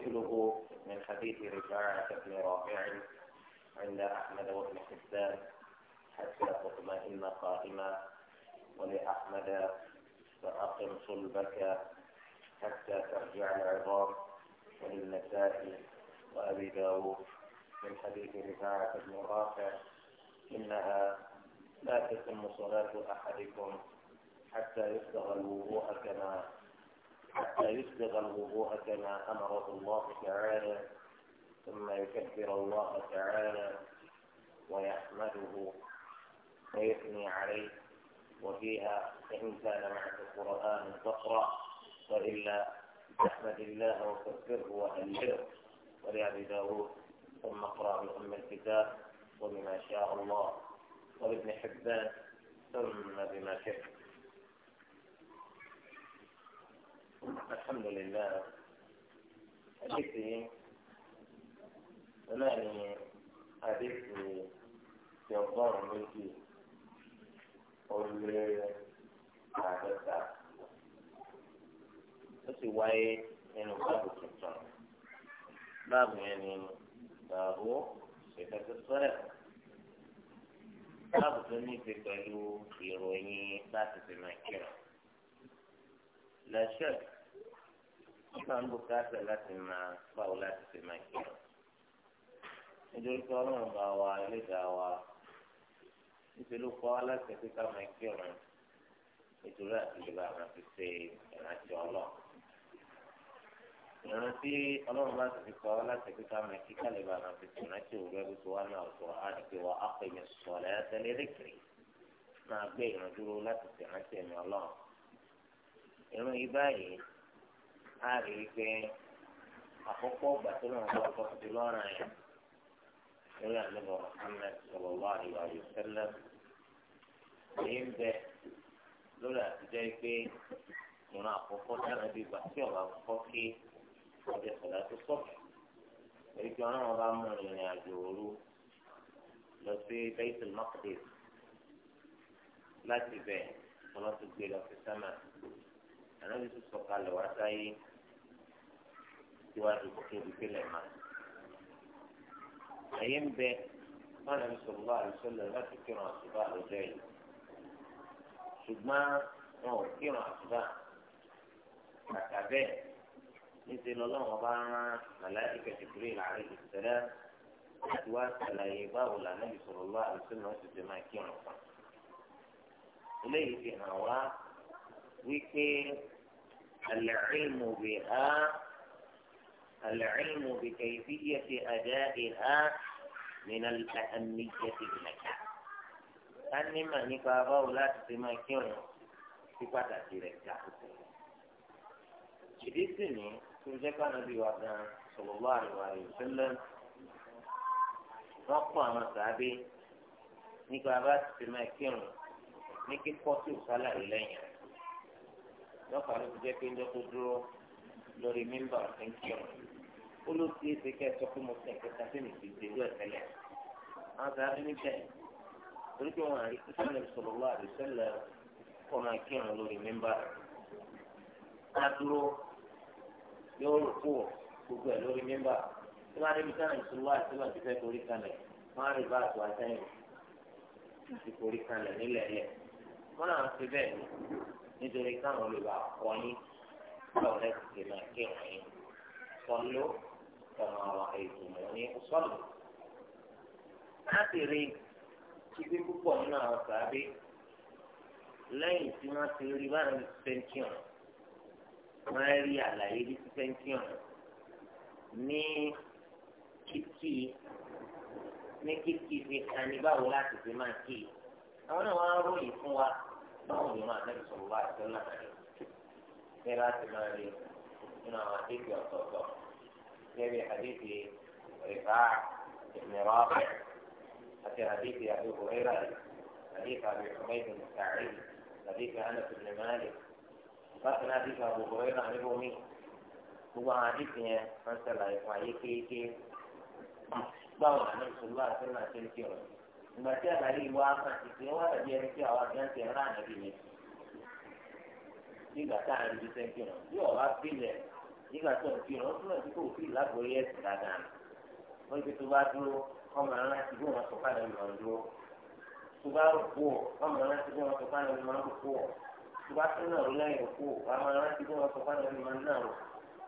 مثله من حديث رفاعة بن رافع عند أحمد وابن حبان حتى تطمئن قائما ولأحمد فأقم صلبك حتى ترجع العظام وللنسائي وأبي داود من حديث رفاعة بن رافع إنها لا تتم صلاة أحدكم حتى يصدغ الوضوء كما حتى يسبغ الوضوء كما أمره الله تعالى ثم يكبر الله تعالى ويحمده ويثني عليه وفيها فإن كان معك قرآن تقرأ وإلا احمد الله وكفره وأنشره ولأبي داود ثم اقرأ بأم الكتاب وبما شاء الله وابن حبان ثم بما شئت الحمد لله حديثي ونعني حديثي في الظهر منك واللي عادتها بس واي انه باب السلطان باب يعني باب صفة الصلاة باب تنيتي قالوا في رؤية لا تسمع كلام lẹ́sẹ̀ nípa ń bùkátà láti máa báwo láti fi máa kí ọ. nítorí pé ọlọ́run bá wa ẹlẹ́dàá wa níṣẹ́ ló kọ́ aláṣẹ pé ká máa kí ọ̀run nítorí àtìlẹ́bà máa fi ṣe ìrántí ọlọ́run. ìrántí ọlọ́run bá ti fi kọ́ aláṣẹ pé ká máa kí kálíbà máa fi ṣe ìrántí òwúrọ̀ bí tó wà ní àwùjọ àdìgbé wa ápè mi sọ̀rọ̀ ẹ̀ máa gbé ìràndúró láti ṣèrántí ẹ̀mí ọlọ́run irun yìí báyìí á rí i pé àkọ́kọ́ ọgbà tó lọ́wọ́ bá kọ́ sí lọ́rùn ẹ̀ lórí àlebọ̀ Muhammad sallallahu alaihi wa sallam ní ń bẹ lórí àtijọ́ pé ìran àkọ́kọ́ dára bíi ìgbà tí ọ̀rọ̀ àkọ́kọ́ kí ọjọ́ sọ̀dá tó sọ̀kì èyí tí ọlọ́run bá mú ìrìn àjò òru lọ sí Baitul Maqdis láti bẹ̀ ọlọ́tún gbé lọ sí sámà ànábi tó sọ̀kalẹ̀ wá sáyé síwájú kókó ìdíkélẹ̀ máa. àyè ń bẹ wọn àbí sọlọ àlùsọlẹ láti kírun àsùbá lọ́jọ́ yìí ṣùgbọ́n wọn ò kírun àsùbá kàkà bẹ́ẹ̀ níṣẹ́ lọ́lọ́run bá rán màláìkà jìbìrì làárẹ ìṣẹ̀lẹ̀ láti wá ṣàlàyé báwo làánàbì sọlọ lọ àlùsọlẹ wọn ti máa kírun fún eléyìí fi hàn wá wípé العلم بها العلم بكيفية أدائها من الأهمية لك أني ما نكابا ولا تسمعكين في فتاة لك شديسني ترجع النبي وعدنا صلى الله عليه وسلم وقفوا مصابي صحابي نكابا تسمعكين نكي قصوا صلاة إلينا lọ́pàá ló ti jẹ́ pé ńjọ́ tó dúró lórí mímbà ọ̀sẹ̀ńkìrọ̀ ó ló ti ṣe kẹ́ ẹ sọ pé mo sẹ̀ kẹta sí mi ti ṣe ìlú ẹ̀tẹ́lẹ̀ àwọn sàbí níbẹ̀ torí pé wọn àrí sísẹ́lẹ̀ sọ̀rọ̀ wá àdìsẹ́lẹ̀ kọ́ máa kírun lórí mímbà á dúró yóò rò kú gbogbo ẹ̀ lórí mímbà tí wọ́n á débi sáà ìṣúwá àti wọ́n ti fẹ́ torí kalẹ̀ wọ́n á rí bá nítorí káwọn lè bá kọ́ yín báwo lẹ́ ti ṣe máa kí wọ́n yín sọ́lọ́ ọ̀nà àwọn ìgbìmọ̀ ní sọ́lọ́. láti rí ibi púpọ̀ nínú àwọn sàábé lẹ́yìn tí wọ́n ti rí báwọn ti pẹ́ńtíọ̀n wọ́n rí àlàyé bí ti pẹ́ńtíọ̀n ní kíkì ní kíkì fi kan ní báwo láti fi máa kí àwọn náà wọ́n á ròyìn fún wa báwọn yóò máa nẹ́bí sọ̀rọ̀ wáyé tó náà rí ní láti máa rí nínú àwọn àdéhùn ọ̀tọ̀ọ̀tọ̀ gẹ́gẹ́ bí àdéhùn rìbá ìmìíràn ọ̀fẹ́ àti àdéhùn àdéhùn rírà àdéhùn àdéhùn ọ̀mẹ́dùn sàárì àdéhùn ànàtù nìmọ́lì bákan àdéhùn àbùkù rírà níbo mi gbogbo àwọn àdéhùn yẹn wọ́n ṣẹlẹ̀ àìfọ̀ àyè kéékèé báwọn àdéhùn ìgbà tí àlàyé ìwà kan ìpín wà dàbí ẹni tí àwa gan ti rán àdàbí ni nígbà tá à ń lu sẹ́ńkì rán bí ọ̀rá bílẹ̀ nígbà tó ń fi rán túnbọ̀ tí kò fi lágbóyè ẹ̀sìn dáadáa ni wọ́n ti tó bá dúró ọmọ ara ti bó wọn sọ fáwọn ọmọ ọ̀hún dúró tó bá rògbò ọmọ ara ti bó wọn sọ fáwọn ọmọ ọ̀hún rògbò tó bá tún náà lẹ́yìn rògbò ọmọ ara ti bó wọn sọ fáwọn ọmọ ọ̀hún náà rò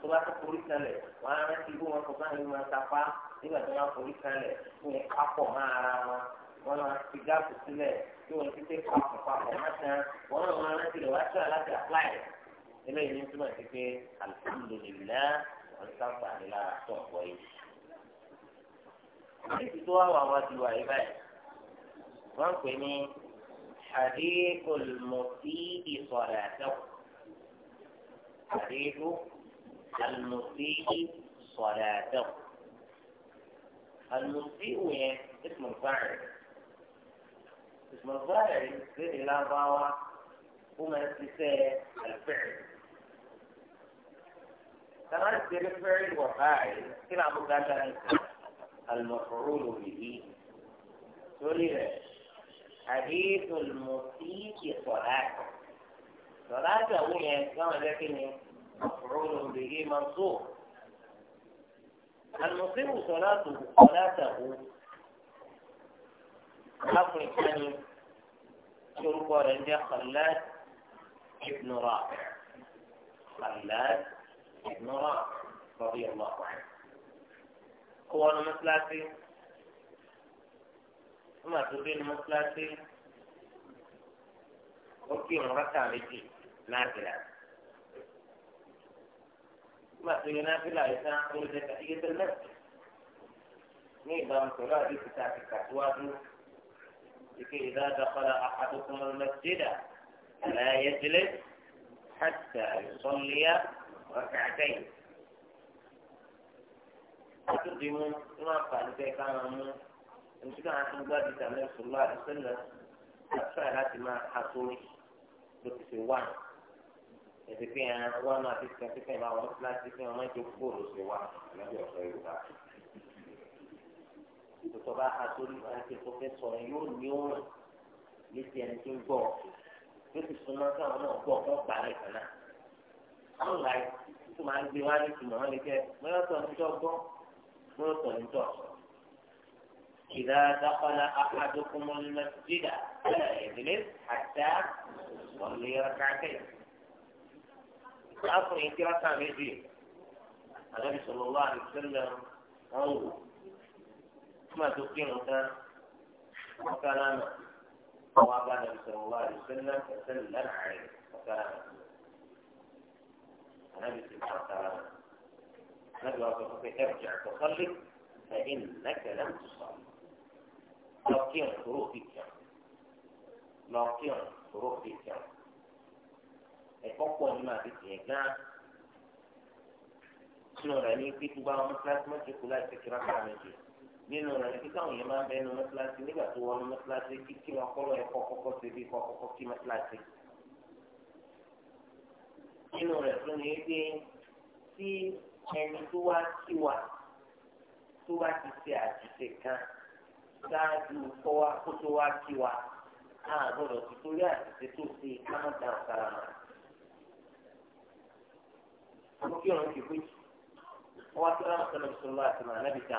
tó bá tún forí kalẹ̀ wọn ara ti bó wọn sọ fáwọn ọmọ ọ̀hún tapá nígbà tó bá forí kalẹ̀ fún kápọ̀ máa ara wọn. wọn máa ti gáàpù sílẹ̀ tí wọ́n ti tẹ́ papọ̀ papọ̀ mọ́tàn wọn náà máa rántí rẹ̀ wáá tíra láti àpláì eléyìí ní túmọ̀ sí pé alhamdulillah wọn sáfà ní lára tó ọ̀pọ̀ yìí. àdéhùn tó wà wà wá ti wà yí báyìí wọ́n ń pè ní àdéhùn mọ̀tí ìsọ̀rọ̀ àtẹ̀wò àdéhùn àlùmọ̀tí ìsọ̀rọ̀ àtẹ̀wò àlùmọ̀tí ìwòyẹn ismu fáàrin. ìsìmọ̀ báyìí lédè lábáwá ó máa ń ṣiṣẹ́ àlùfẹ́rẹ́. Tàbá ń ṣe fẹ́rẹ́ wọ̀ báyìí kí ni àbúkà dára ń sọ àlùmọ̀fọ́rọ́ lòdì yìí. Torí rẹ̀, àdéhùn olùmọ̀ sí ìsọ̀rá. Sọ̀rá àtàwọn yẹn káwọn ẹgbẹ́ kí ni àfọ̀rọ̀ lòdì yìí máa ń sọ. Àlùmọ̀fẹ́rù sọ̀rá àtàwọn حقني الثاني شرب ورجع خلاد ابن رافع خلاد ابن رافع رضي الله عنه هو المثلاثي ما تبين المثلاثي وكي مرتع بجي نازلة ما تبين نازلة يسان قول زكاية المسجد ني دام سلاحي كتاب الكتوات المسجد لكي إذا دخل أحدكم المسجد فلا يجلس حتى يصلي ركعتين أتقدموا ما قال كي كانوا إن كان عن ذلك النبي صلى الله عليه وسلم أكثر ما حصل بكسوان إذا كان وما تسكت كما وصلت كما ما تقول سوان النبي صلى الله عليه وسلم ipò tó bá ha sórí àti tó fẹ́ sọ̀rọ̀ yóò ní o ni ti ẹni tó ń gbọ́ yóò ti súnmọ́ káwọn náà gbọ́ fún ọgbà rẹ̀ kan náà. àwọn ọ̀la tó máa ń gbé wá ní ìtumọ̀ wọn lè jẹ́ mọ́yọ́ sọ ní tó gbọ́ mọ́yọ́ sọ ní tó sọ. إذا دخل أحدكم المسجد فلا يجلس حتى يصلي ركعتين. أصل إنكرة مجيء النبي صلى الله عليه وسلم قوله ثم تقيم وكلام وابا النبي صلى الله عليه وسلم وسلم عليه وكلام النبي صلى الله عليه وسلم نبي الله صلى الله عليه ارجع تصلي فانك لم تصلي تقيم فروقك لكن فروق في الكون أقوى مما في الدنيا شنو راني في تبع مسلاك ما تقولها تكرار كامل فيها nínú rẹ̀ níbi táwọn yẹn máa ń bẹ nínú mọ́sálásí nígbà tó wọnú mọ́sálásí kí kí wọn kọ́lọ́ ẹ̀kọ́ kọ́kọ́ ṣe bí kọ́ kọ́kọ́ kí mọ́sálásí. nínú rẹ̀ tó ní pé tí ẹni tó wá kí wa tó bá ti ṣe àṣìṣe kan ṣáájú kọ́wá kó tó wá kí wa á gbọ́dọ̀ ti torí àṣìṣe tó ṣe kámọ́tà ọ̀sáramà. mo kí ọ̀run kìí pé wọ́n wá sí ọ̀run sọ̀rọ̀ sọ̀rọ̀ àtìmọ̀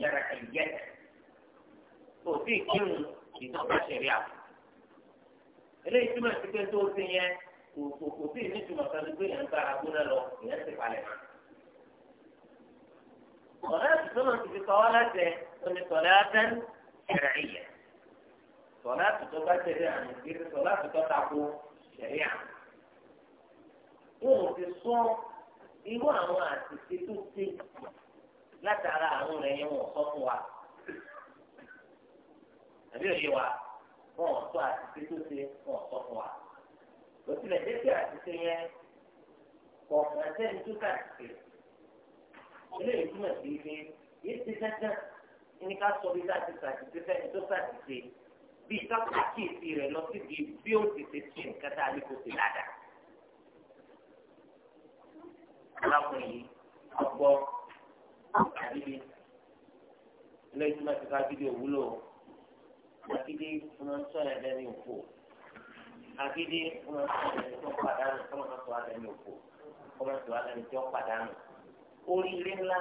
شرعية وفي كل ìjọba ṣẹ̀rí àpò. eléyìí túmọ̀ sí pé tó ti yẹn kò kò sí ìnítumọ̀ kan gbé yẹn gbára gbóná lọ ìyẹn ti palẹ̀ mọ́. ọ̀rẹ́ àtúntò ti fi kọ́ láti ẹni sọ̀rọ̀ átẹ́n ṣẹ̀rẹ̀ ìyẹ̀. sọ̀rọ̀ àtúntò bá ṣẹlẹ̀ àmì kiri sọ̀rọ̀ àtúntò tako ṣẹ̀rí àpò. wọn ò ti sọ irú àwọn àtìsí tó ti látara àrùn rẹ̀ yẹn wọ́n sọ fún wa àbí òye wa wọ́n sọ àtìsí tó ṣe wọ́n sọ fún wa kò tilẹ̀ dé sí àtìsí yẹn kò kàn sẹ́ni tó kàtìsí eléyìí túmọ̀ sí pé yìí ti sẹ́sẹ́ ní ká sọ bí láti ṣàtìsí sẹ́ni tó ṣàtìsí bí kápá kíyèsí rẹ̀ lọ síbi bí ó ti ṣe ṣe nǹkan tá a lè kó ṣe ládàá. alákùnrin yìí ọgbọ́n ilé ìtumọ̀ ti ká gidi òwúlò agídí ọmọ sọ̀rọ̀ ẹ̀dẹ́ ní òfò agídí ọmọ sọ̀rọ̀ ẹ̀dẹ́ tó pàdánù ọmọ sọ̀rọ̀ ẹ̀dẹ́ ní òfò ọmọ sọ̀rọ̀ ẹ̀dẹ́ tó pàdánù oríire ńlá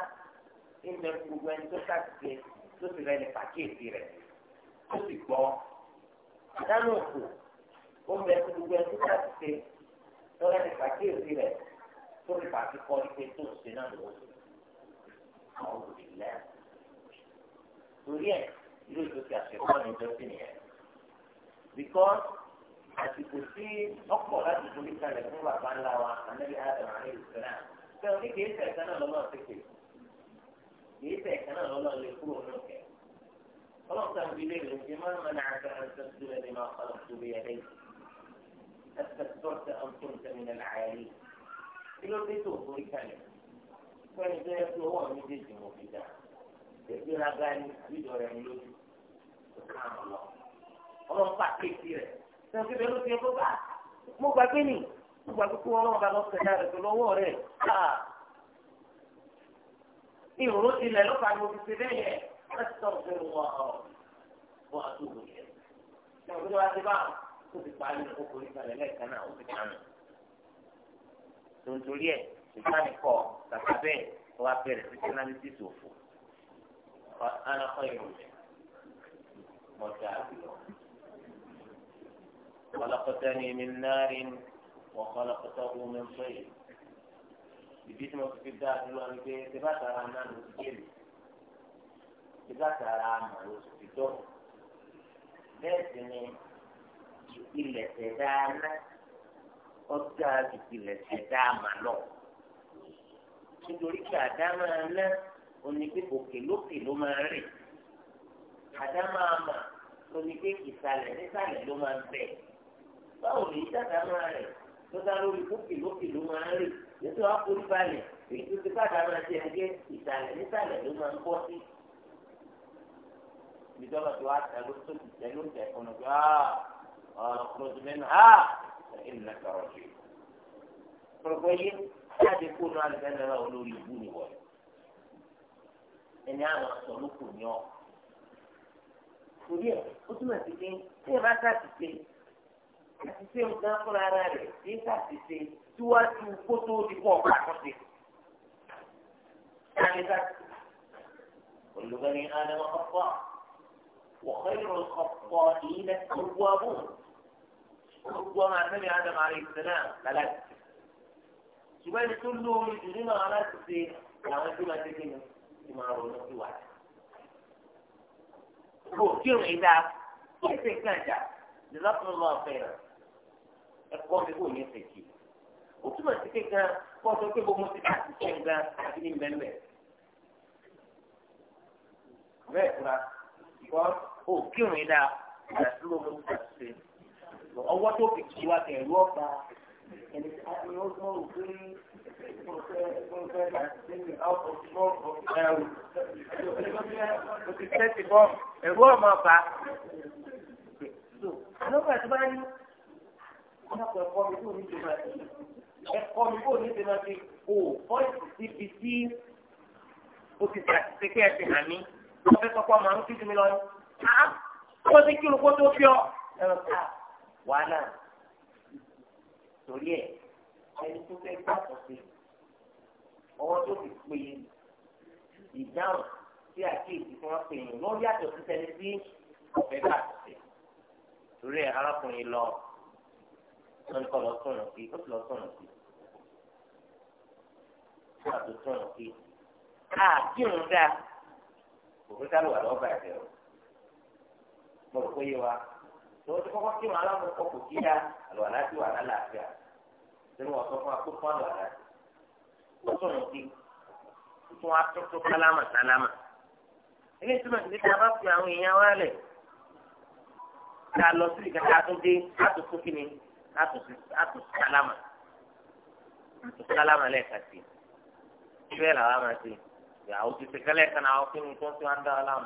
ńlẹ̀ gbogbo ẹni tó ṣàtìṣe tó sì rẹ̀ ní pàkíyèsí rẹ̀ tó sì gbọ́ pàdánù òfò ó ń bẹ gbogbo ẹni tó ṣàtìṣe tó rẹ̀ ní pàkíyèsí rẹ̀ tó sì pàkíkọ́ ipe tó ṣe náà lọ́wọ́ أعوذ بالله torí ẹ̀ irú ètò ti àṣekọ́ ní ìjọ sí nìyẹn because àsìkò tí ọ̀pọ̀ láti forí kalẹ̀ fún bàbá ńlá wa anábì adam alayhi salam ṣé o ní kìí ṣe ẹ̀ka náà lọ́nà tètè kìí ṣe ẹ̀ka náà lọ́nà lè kúrò ní òkè ọlọ́run sàn fi lè rìn jẹ́ máa ń mọ̀nà àgbà ẹ̀ṣẹ̀ tó lẹ́nu máa kọ́ lọ́n tó bí ẹ̀ lẹ́yìn ẹ̀ṣẹ̀ tó ṣe ọ̀tún tẹ̀mínà láàárín kí ló dé tó forí kalẹ̀ fẹ́ni tó yẹ kí owó àwọn méjèèjì mọ̀ fi dà ìgbéra ga ni ìjọ rẹ̀ ń lójú kàn lọ ọlọ́run pa kéèkì rẹ̀ sọ́kí bẹ́ẹ̀ ló ti yẹ kó bá mo gbàgbé nì mo gbàgbé kó ọlọ́run bá lọ sẹ̀dá rẹ̀ tó lọ́wọ́ rẹ̀ ìrònú tilẹ̀ ló fa gbogbo ti bẹ́ẹ̀ yẹ ẹ̀sọ́ fún wọn ọ̀ fún àtúntò yẹ náà gbé wá sí bá tó ti parí ọkùnrin ìsáni kọ kàkà bẹ́ẹ̀ kó wá bẹ̀rẹ̀ sí analysis òfò anakọ ìròyìn mọ̀tà àbílọ̀ kọlọ́kọ́tà ni mi náírà wọ́n kọlọ́kọ́tà ọ̀hún mi ń pè é ìdí tí mo fi dá a dúró ni pé ṣé bá tara náà ló ti kéde ṣé bá tara àmọ̀ ló ti dọ̀ bẹ́ẹ̀ sì ni ìpìlẹ̀ ṣẹ̀dá náà ọjà ìpìlẹ̀ ṣẹ̀dá àmà náà nítorí pé àdámà ná onígbé òkè lókè ló máa rìn àdámà àmà onígbé ìsàlẹ̀ nísàlẹ̀ ló máa bẹ̀ báwo lè dàdámà rẹ̀ tó dá lórí lókè lókè ló máa rìn ètò àforíbalẹ̀ èyí tó ti fàdámà ti ẹgbẹ́ ìsàlẹ̀ nísàlẹ̀ ló máa ń bọ́ sí ìjọba tó wá tẹ̀lé tó ti tẹ̀lé oúnjẹ ọ̀nà tó á ọ̀rọ̀ kúròdùmẹ́nu á ẹ̀yìn lẹ́kọ̀ọ́ rẹ̀ ṣe. jáde kó nu alùpàdé náà olórí ìbú ni wọ̀ ẹni àwọn àtọ̀lùkù ni ọ. torí ẹ ó túmọ̀ sí pé tí ẹ bá sàtìsẹ́ àtìsẹ́ nǹkan fúnra ara rẹ̀ tí ẹ sàtìsẹ́ síwájú kó tó di pọ̀ pàtàkì. كل بني آدم خطاء وخير الخطائين التوابون هو ما سمع آدم عليه السلام ثلاث ṣùgbọ́n ẹni tó lóore jù nínú àwọn aláṣẹ làwọn tí máa tẹ́tẹ́ ní ti máa ronú sí wa. kò kí òun ìdá ẹsẹ̀ gàjà ìlọ́kùnrin máa fẹ́ rẹ̀ ẹ̀kọ́ mi kò ní ẹsẹ̀ kì í. túmọ̀ sí pé gan pọ́ńtò pé gbogbo ti káàkiri ṣe ń gan àti ní mẹ́mẹ́. bẹ́ẹ̀ fúra ìkọ́ kò kí òun ìdá ìdásílò mú ọwọ́ tó fi kí ẹ̀rú ọ̀gá and it's at the Osmo Green Ẹ̀rú ọmọ ọba. Àlọ́kọ̀ ẹ̀ tó bá ní ọ̀pọ̀ ẹ̀kọ́ mi kò ní ti máa fi ẹ̀kọ́ mi kò ní ti máa fi o fọ́ìsì síbi tí o ti ṣàtìṣe kí ẹ ti hàn mí. Wọ́n fẹ́ kọ́kọ́ máa ń kí mi lọ ní. Àá kó sí kí olùkó tó fi ọ. wàhálà torí ẹ̀ ẹni tó fẹ́ gbàtọ̀ sí ọwọ́ tó fi pè é ìdáhùn sí àkíyèsí tí wọ́n pè é lórí àtọ̀ sí sẹ́ni tí ọ̀fẹ́ gbàtọ̀ sí torí ẹ̀ arákùnrin lọ lọ́nkọ́ lọ sọ̀rọ̀ sí ó sì lọ sọ̀rọ̀ sí nígbà tó sọ̀rọ̀ sí àkíyèsí dáa òkúta ló wà lọ́ọ́ bàjẹ́ o mo rò pé yé wa. wọ́n ti kọ́kọ́ kí wọn alámọ̀kọ́ kò kí ya àlọ́ àlájú wà lálàáfíà nínú ọ̀sán fún akó àlọ́ àlájú kí tuntun ilé ìtumọ̀ bá fi àwọn èèyàn wá lẹ̀ ká lọ sí àtúndé àtúntò kí ni àtúntò àtúntò lẹ́ẹ̀ka sí làwọn ìyàwó ti kan àwọn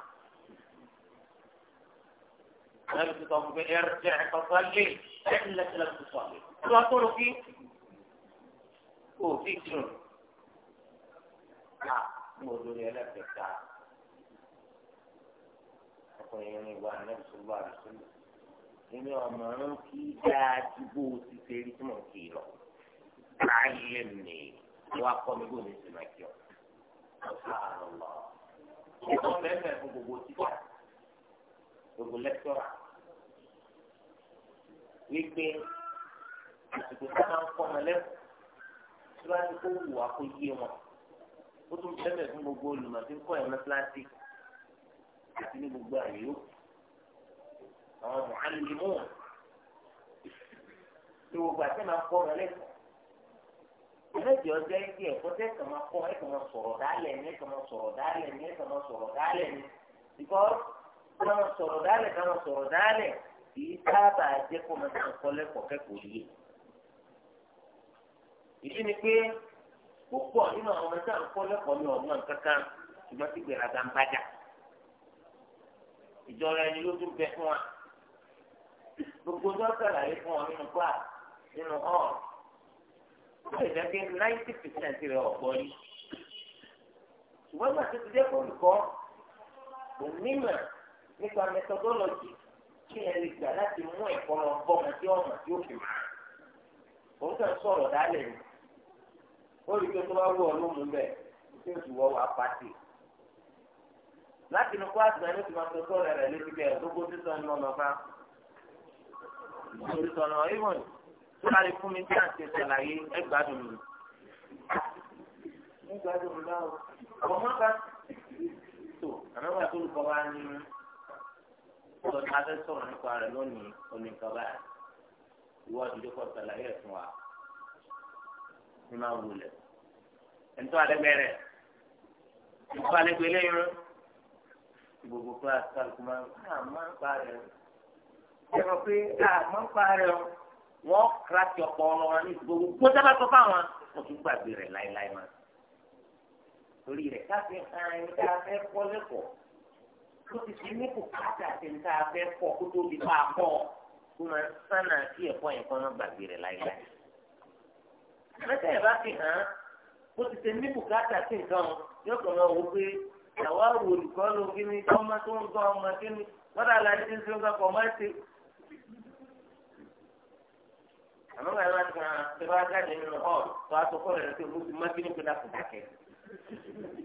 النبي صلى الله عليه وسلم ارجع فصلي انك لم تصلي شو اقول فيه؟ وفي شنو؟ نعم موضوع لك بتاع ọkùnrin yẹn ní ìwà ànábì sọlá àdìsọlá èmi ọmọ ń kí dáadé bó o ti ṣe rí tí mò ń kì lọ láàyè mi wàá kọ́ mi bó o ní sinmi kí ọ. ọ̀sán àlọ́ ìtọ́ bẹ́ẹ̀ fún gbogbo títà gbogbo lẹ́tọ́rà wípé àsìkò tá a máa ń kọ́ wọn lẹ́kọ̀ọ́ tí wọ́n á ti kó wù wá kó yé wọn ó tún bẹ̀rẹ̀ fún gbogbo olùmọ̀ tí ń kọ́ ẹ̀mọ́ kíláàsì àti ní gbogbo àyè yòókù àwọn mùhálìlì mú wọn tí gbogbo àti máa kọ́ wọn lẹ́kọ̀ọ́ ìrẹ́jì ọjọ́ ẹgbẹ́ ẹ̀kọ́ tẹ́ ẹ̀kọ́ máa kọ́ ẹ̀kọ́ máa sọ̀rọ̀ dálẹ̀ ní ẹ̀kọ́ máa sọ̀rọ̀ dálẹ̀ ní ẹ̀kọ́ máa sọ̀rọ̀ dálẹ̀ ní because ká máa sọ̀rọ̀ dálẹ̀ ká máa sọ̀rọ̀ dálẹ̀ kì í sábà jẹ́ kó máa sọ̀rọ̀ kọ́lẹ́kọ̀ọ́ kẹ́kọ̀ọ́ yìí. ìdí ni pé púpọ̀ nínú àwọn ọmọ sáà ń kọ́lẹ́kọ̀ọ́ ní ọ̀gbọ́n kankan ṣùgbọ́n tí gbèrágà ń bájà. ìjọra ẹni ló tún bẹ fún wa gbogbo dọ́kítà yìí fún wa nínú class nínú hall ó lè jẹ́ pé ninety percent rẹ̀ ọ̀gbọ́n yìí ṣùgbọ́n gbàtí ti jẹ́ kó olùkọ́ òmìnira nípa methodology kí ẹ lè gbà láti mú ẹ̀kọ́ lọ bọ́ ọmọ tí ọmọ tí ó fi máa òun kàn sọ̀rọ̀ dálẹ̀ ni ó rí pé tó bá wù ọ ló mú bẹ́ẹ̀ tí ó sì wọ́ wàá pàtì láti inú kíláàsì náà ló ti máa sọ sọ̀rọ̀ rẹ̀ létí bẹ́ẹ̀ gbogbo sísọ ní ọmọ fa sísọ náà ìwọ̀n tó bá lè fún mi tí à ń ṣe ṣàlàyé ẹgbàádùn mi ẹgbàádùn mi báwo ọmọ ká tó àmọ́ tó ta fẹ́ sọ̀rọ̀ nípa rẹ̀ lónìí onìkan ìwọ ìdílé kọ́ sàlàyé ẹ̀ wa ní máa wulẹ̀ ẹ̀ńtọ́ àdẹ́gbẹ̀rẹ̀ ìfọ̀ àdẹ́gbẹ̀ lẹ́yìn gbogbo kíláàsì kálukú máa ń ah, máa ń pa pé ah, máa ń pa wọ́n ọ̀pọ̀ ní gbogbo tó fáwọn tún gbàgbé láéláé máa torí ẹni kọ́ lẹ́kọ̀ọ́. tó ti fi ní kò káàtà sí ní fẹ́ pọ̀ kó tó di máa pọ̀ kó máa sánà sí ẹ̀kọ́ yẹn kọ́ náà gbàgbé rẹ̀ láíláí. mẹ́tẹ́ ẹ̀ bá fi hàn án bó ti ṣe ní kò káàtà sí nǹkan yóò kàn máa wò pé àwa wò olùkọ́ ló kí ni ọmọ tó ń gbọ́ ọmọ kí ni lọ́dà aládé tí ń fi ń gbọ́ ọmọ ṣe. àmọ́ báyìí wá ti ṣe bá jáde nínú hall tó a sọ rẹ̀ tó o ti má bínú pé dàpọ̀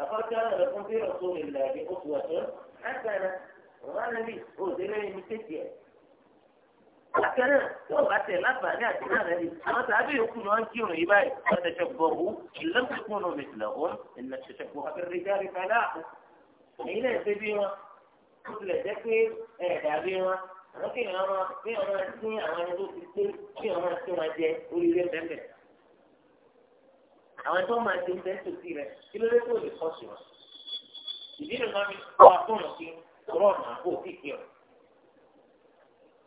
لقد كان لكم في رسول الله أسوة حسنة وما نبي أوزيلين مكتيا akẹ́rẹ́ tí o bá tẹ̀ láǹfààní àti náà rẹ̀ ni àwọn tàbí yòókù ni wọ́n ń kírun yìí báyìí wọ́n ti ṣe gbọ̀hù ìlẹ́kùnkùn omi ìlẹ̀ òun ìlẹ̀ ṣẹṣẹ gbọ̀hù abẹ́rẹ́ jáde kálá àpò. èyí náà ṣe bí wọn ó tilẹ̀ jẹ́ pé ẹ̀ dàbí wọn àwọn kéèyàn máa kéèyàn máa sí àwọn ẹni tó ti pé kéèyàn máa sí wọn jẹ oríire bẹ́ẹ̀ bẹ́ẹ̀ àwọn tó máa ti ń tẹ́sí sí rẹ kí ló dé tó lè kọ́ sí wọn. ìdí ni wọn fi kọ́ àtúnù sí ọ̀rọ̀ ọ̀nà àbò òkìkí ọ̀.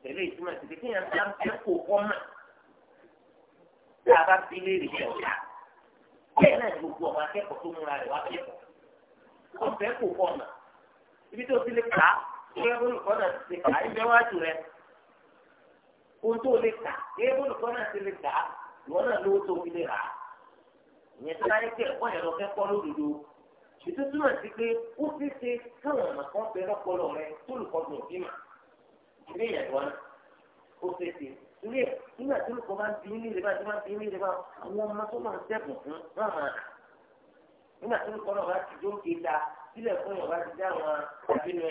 pẹ̀lú ìtumọ̀ ìdí kí yẹn bá ń kó kọ́ mọ̀ tí a bá fi léèrè jẹ ọ̀dà. bẹ́ẹ̀ náà gbogbo ọmọ akẹ́kọ̀ọ́ tó múra rẹ̀ wá kẹ́kọ̀ọ́. ó fẹ́ kó kọ́ mọ̀ ibi tó ti lè kà á kí olùkọ́ olùkọ́ náà ti lè kà á ìwọ ìyẹn tó bá pé ẹ̀kọ́ yẹn lọ fẹ́ kọ́ lódodo ètò túmọ̀ sí pé ó ti ṣe káwọn ọ̀nà kan fẹ́ lọ́pọlọ rẹ tó lùkọ́ tó fi mà ilé yẹn wọn ó ṣe ṣe ilé nígbà tó lùkọ́ bá ń bí ní ìrẹ́bà tó bá ń bí ní ìrẹ́bà àwọn ọmọ tó máa ń sẹ́kùn fún wọn nígbà tó lùkọ́ náà bá ti dóńgé dáa sílẹ̀ fún yorùbá ti dá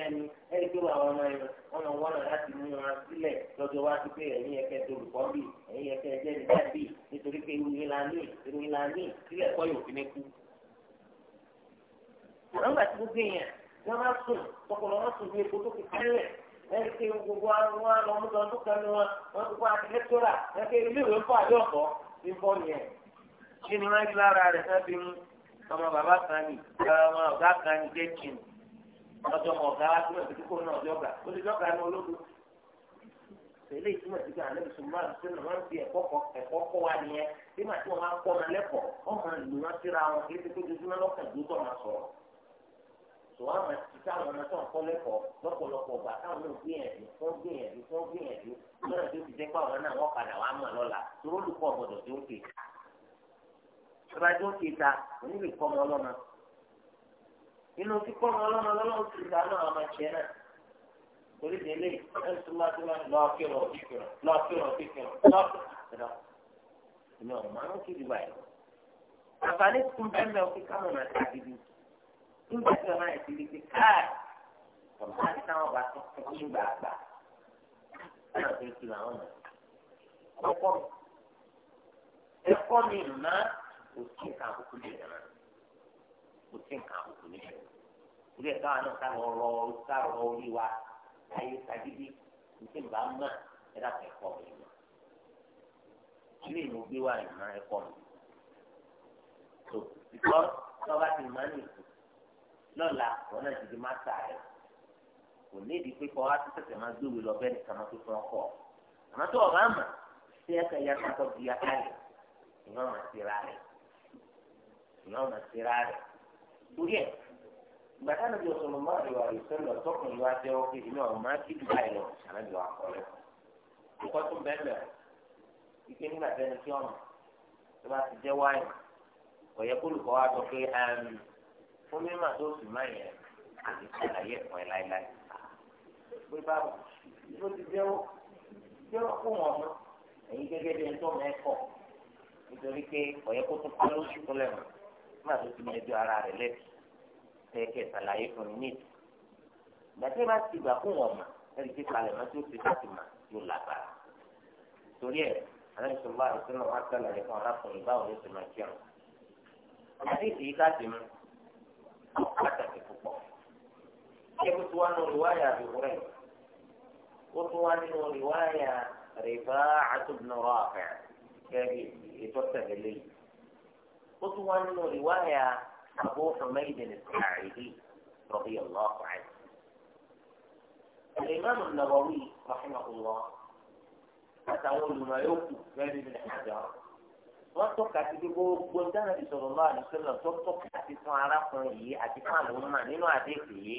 ẹni ẹni tó wà wọn ẹni wọn lọ wọnà láti mú wọn sílẹ̀ lọ́jọ́ wá sí pé ẹ̀yin ẹ̀kẹ́ dolùkọ́ bì ẹ̀yin ẹ̀kẹ́ ẹ̀jẹ̀ nígbà bì nítorí pé ìwé la ìwé la sílẹ̀ fún yorùbá kú. àwọn gbogbo èèyàn wọn bá sùn tọkọlọ wọn sùn epo tó fi kálẹ̀ ẹni gbogbo lọ mú lọ ní wọn ọmọ bàbá kan ní ọmọ ọ̀gá kan ní jẹ́kìn ọjọ́ ọmọ ọ̀gá wa tí wọ́n ti kó náà jọba ó lè jọba ní ológun tẹ̀lé ìtumọ̀ sí pé àlẹ́ bìsùn máa ṣe náà wọ́n fi ẹ̀kọ́ kọ ẹ̀kọ́ kọ́ wa nìyẹn bí màá tí wọ́n máa kọ́ ọmọ lẹ́kọ̀ọ́ ọmọ ìlú wọn síra wọn kí ẹsẹ̀ tó dojúmọ́ lọ́kàn tó tọ̀ máa sọ̀rọ̀ tó wọ́n máa ti táwọn ọmọ tó ń kọ́ lẹ́kọ̀ọ́ lọ́pọ̀lọpọ̀ gbà táwọn náà gbìyànjú fún gbìyànjú fún gbìyànjú lọ́nà tó ti jẹ́ pé àwọn náà wọ́n padà wá mọ̀ lọ́la ìjọba tó ń kéta òní lè kọ́ ọmọ ọlọ́mọ inú kíkọ́ ọmọ ọlọ́mọ lọ́lọ́run ti gbà náà ọmọ ìṣẹ́ náà torí délé ẹ̀ tó máa tó máa lọ́ọ́ kírun kíkírun lọ́ọ́ kírun kíkírun lọ́ọ́ kírun ìmọ̀ ọ̀mọ̀ àwọn kiri báyìí àǹfààní kún bẹ́ẹ̀ mẹ́ òkè káwọn náà ta gidi nígbà tí ọmọ ẹ̀sìn lè fi káàdì àti táwọn bá tó ẹ̀kọ́ mi mà kò sí nǹkan àbùkù lè na kò nǹkan àbùkù lè yàrá ilé ẹ̀ka wa náà sáré ọrọ̀ sáré ọrọ̀ orí wa ayé sagídí nígbà tí bá ẹ dàpọ̀ ẹ̀kọ́ mi mọ̀ ilé ìlú gbé wa ìmọ̀ ẹ̀kọ́ mi tó ìkọ́ tọ́ba ti máa ní ìkù lọ́la wọn náà ti di rẹ̀ kò ní ìdí pé kọ́ tẹ̀sẹ̀ máa lọ bẹ́ẹ̀ nìkan máa tó àmọ́ tó ìyá ọ̀nà síra rẹ̀ torí ẹ̀ gbàtà nàbí ọ̀sán ọmọ àríwá ìṣẹ̀lẹ̀ tọkùnrin wa jẹ́ ọ́ kéde náà máa kí dùbà ẹ̀ lọ ànábì wa kọ́ lẹ́kọ̀ọ́ ìkọ́ tó bẹ́ẹ̀ bẹ́ẹ̀ ike nígbà tẹni tí ọ̀nà tó bá ti jẹ́ wáyé ọ̀yẹ́ kólùkọ́ wa sọ pé fún mímà tó sì má yẹn àti ṣàlàyé ẹ̀kọ́ ẹ̀ láéláé pé báwo ló ti jẹ́wọ́ jẹ́wọ́ fún wọn mọ́ ẹ̀yin gẹ́gẹ́ bí ẹni tó mẹ́kọ̀ọ́ nítorí pé ọ̀yẹ́ kó tó kọ́ lóṣù tó lẹ́nu náà ló ti mẹjọ ara rẹ̀ lẹ́bi kẹ̀kẹ́ ṣàlàyé fún mi níbi gbàtẹ́ bá ti gbà fún wọn mà ẹni tí kalẹ̀ mọ́ tí ó ti láti mà yóò lágbára torí ẹ̀ alẹ́ sọ̀rọ̀ àti náà wá sàlàyé fún arákùnrin báwo ló ti máa kí ọ̀run àti ìdíyí káàdì mu pàtàkì púpọ̀ kébù tí wọ́n nù rìwáyà àbíwúrẹ́ ó tún wá nínú rìwáyà rìbá àtúndínlọ́wọ́ àfẹ́ kẹ́bí ètò tẹ̀lé lẹ́yìn. وطوان رواية أبو حميد الساعدي رضي الله عنه الإمام النووي رحمه الله أتقول ما يكتب غير من حجر وتوقع في gbogbo dáná ti sọ̀rọ̀ lọ́wọ́ àdìsọ́lọ̀ tó tọ́ka ti fún arákùnrin yìí àti fún àwọn ọmọ nínú àdéhùn yìí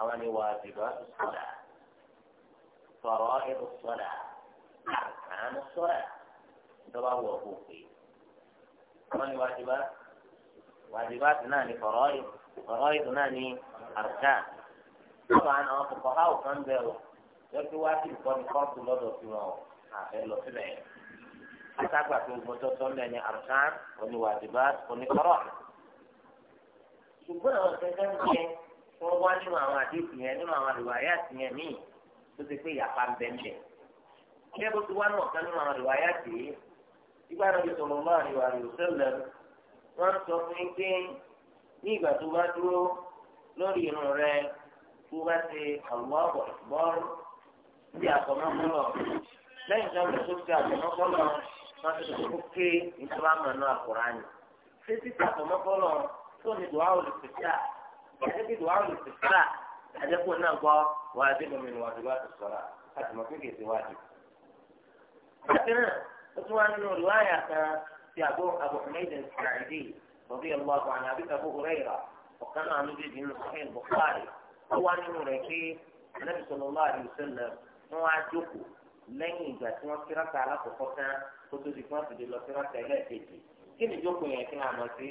àwọn ni wà á ti bá na wọ́n ní wàjibá wàjibá náà ní fọ̀rọ̀ọ́yì fọ̀rọ̀ọ́yì náà ní àrùkà lọ́wọ́ àwọn àwọn kòkò háwù kan bẹ̀ o lọ́sí wá sí ìkọ́ ní kọ́ọ̀tù lọ́dọ̀ sí wọn o àfẹ́ lọ sílẹ̀ yẹn. àtàgbà tó gbọ́ tó tọ́ lẹ́ni àrùkà òní wàjibá òní fọ̀rọ̀ ṣùgbọ́n àwọn kẹ̀kẹ́ ń jẹ wọ́n wá nínú àwọn àdéhùn yẹn nínú àwọn àdìwáyà tìyẹn míì tó ti pé ìyàpá ń bẹ́ẹ̀ ìgbà náà bí sọ̀rọ̀ máa rí wàrí òṣèlè wọ́n sọ fún yín pé ní ìgbà tó bá dúró lórí irun rẹ tó bá ti Allahu Akbar sí àkọ́mọ́kọ́lọ̀ lẹ́yìn tó bá tó ti àkọ́mọ́kọ́lọ̀ wọ́n ti tó ké nítorí àmọ́ náà Kùránì ṣé títí àkọ́mọ́kọ́lọ̀ tó ní dùwà olùsèkà ẹ̀jẹ̀ bí dùwà olùsèkà ẹ̀jẹ̀ kó náà gbọ́ wàá dé lómi ìwádìí wá ti sọ̀rọ̀ láti mọ̀ وسواء من رواية في أبو أبو حميد الساعدي رضي الله عنه أبي أبو هريرة وكان عن نبي من صحيح البخاري هو من ركي النبي صلى الله عليه وسلم هو عجوكو lẹ́yìn ìgbà tí wọ́n kíra ká alákòókò tán kó tó di fún àtìdé lọ kíra ká ẹlẹ́ẹ̀kejì kí ni ìjókòó yẹn kí náà mọ̀ sí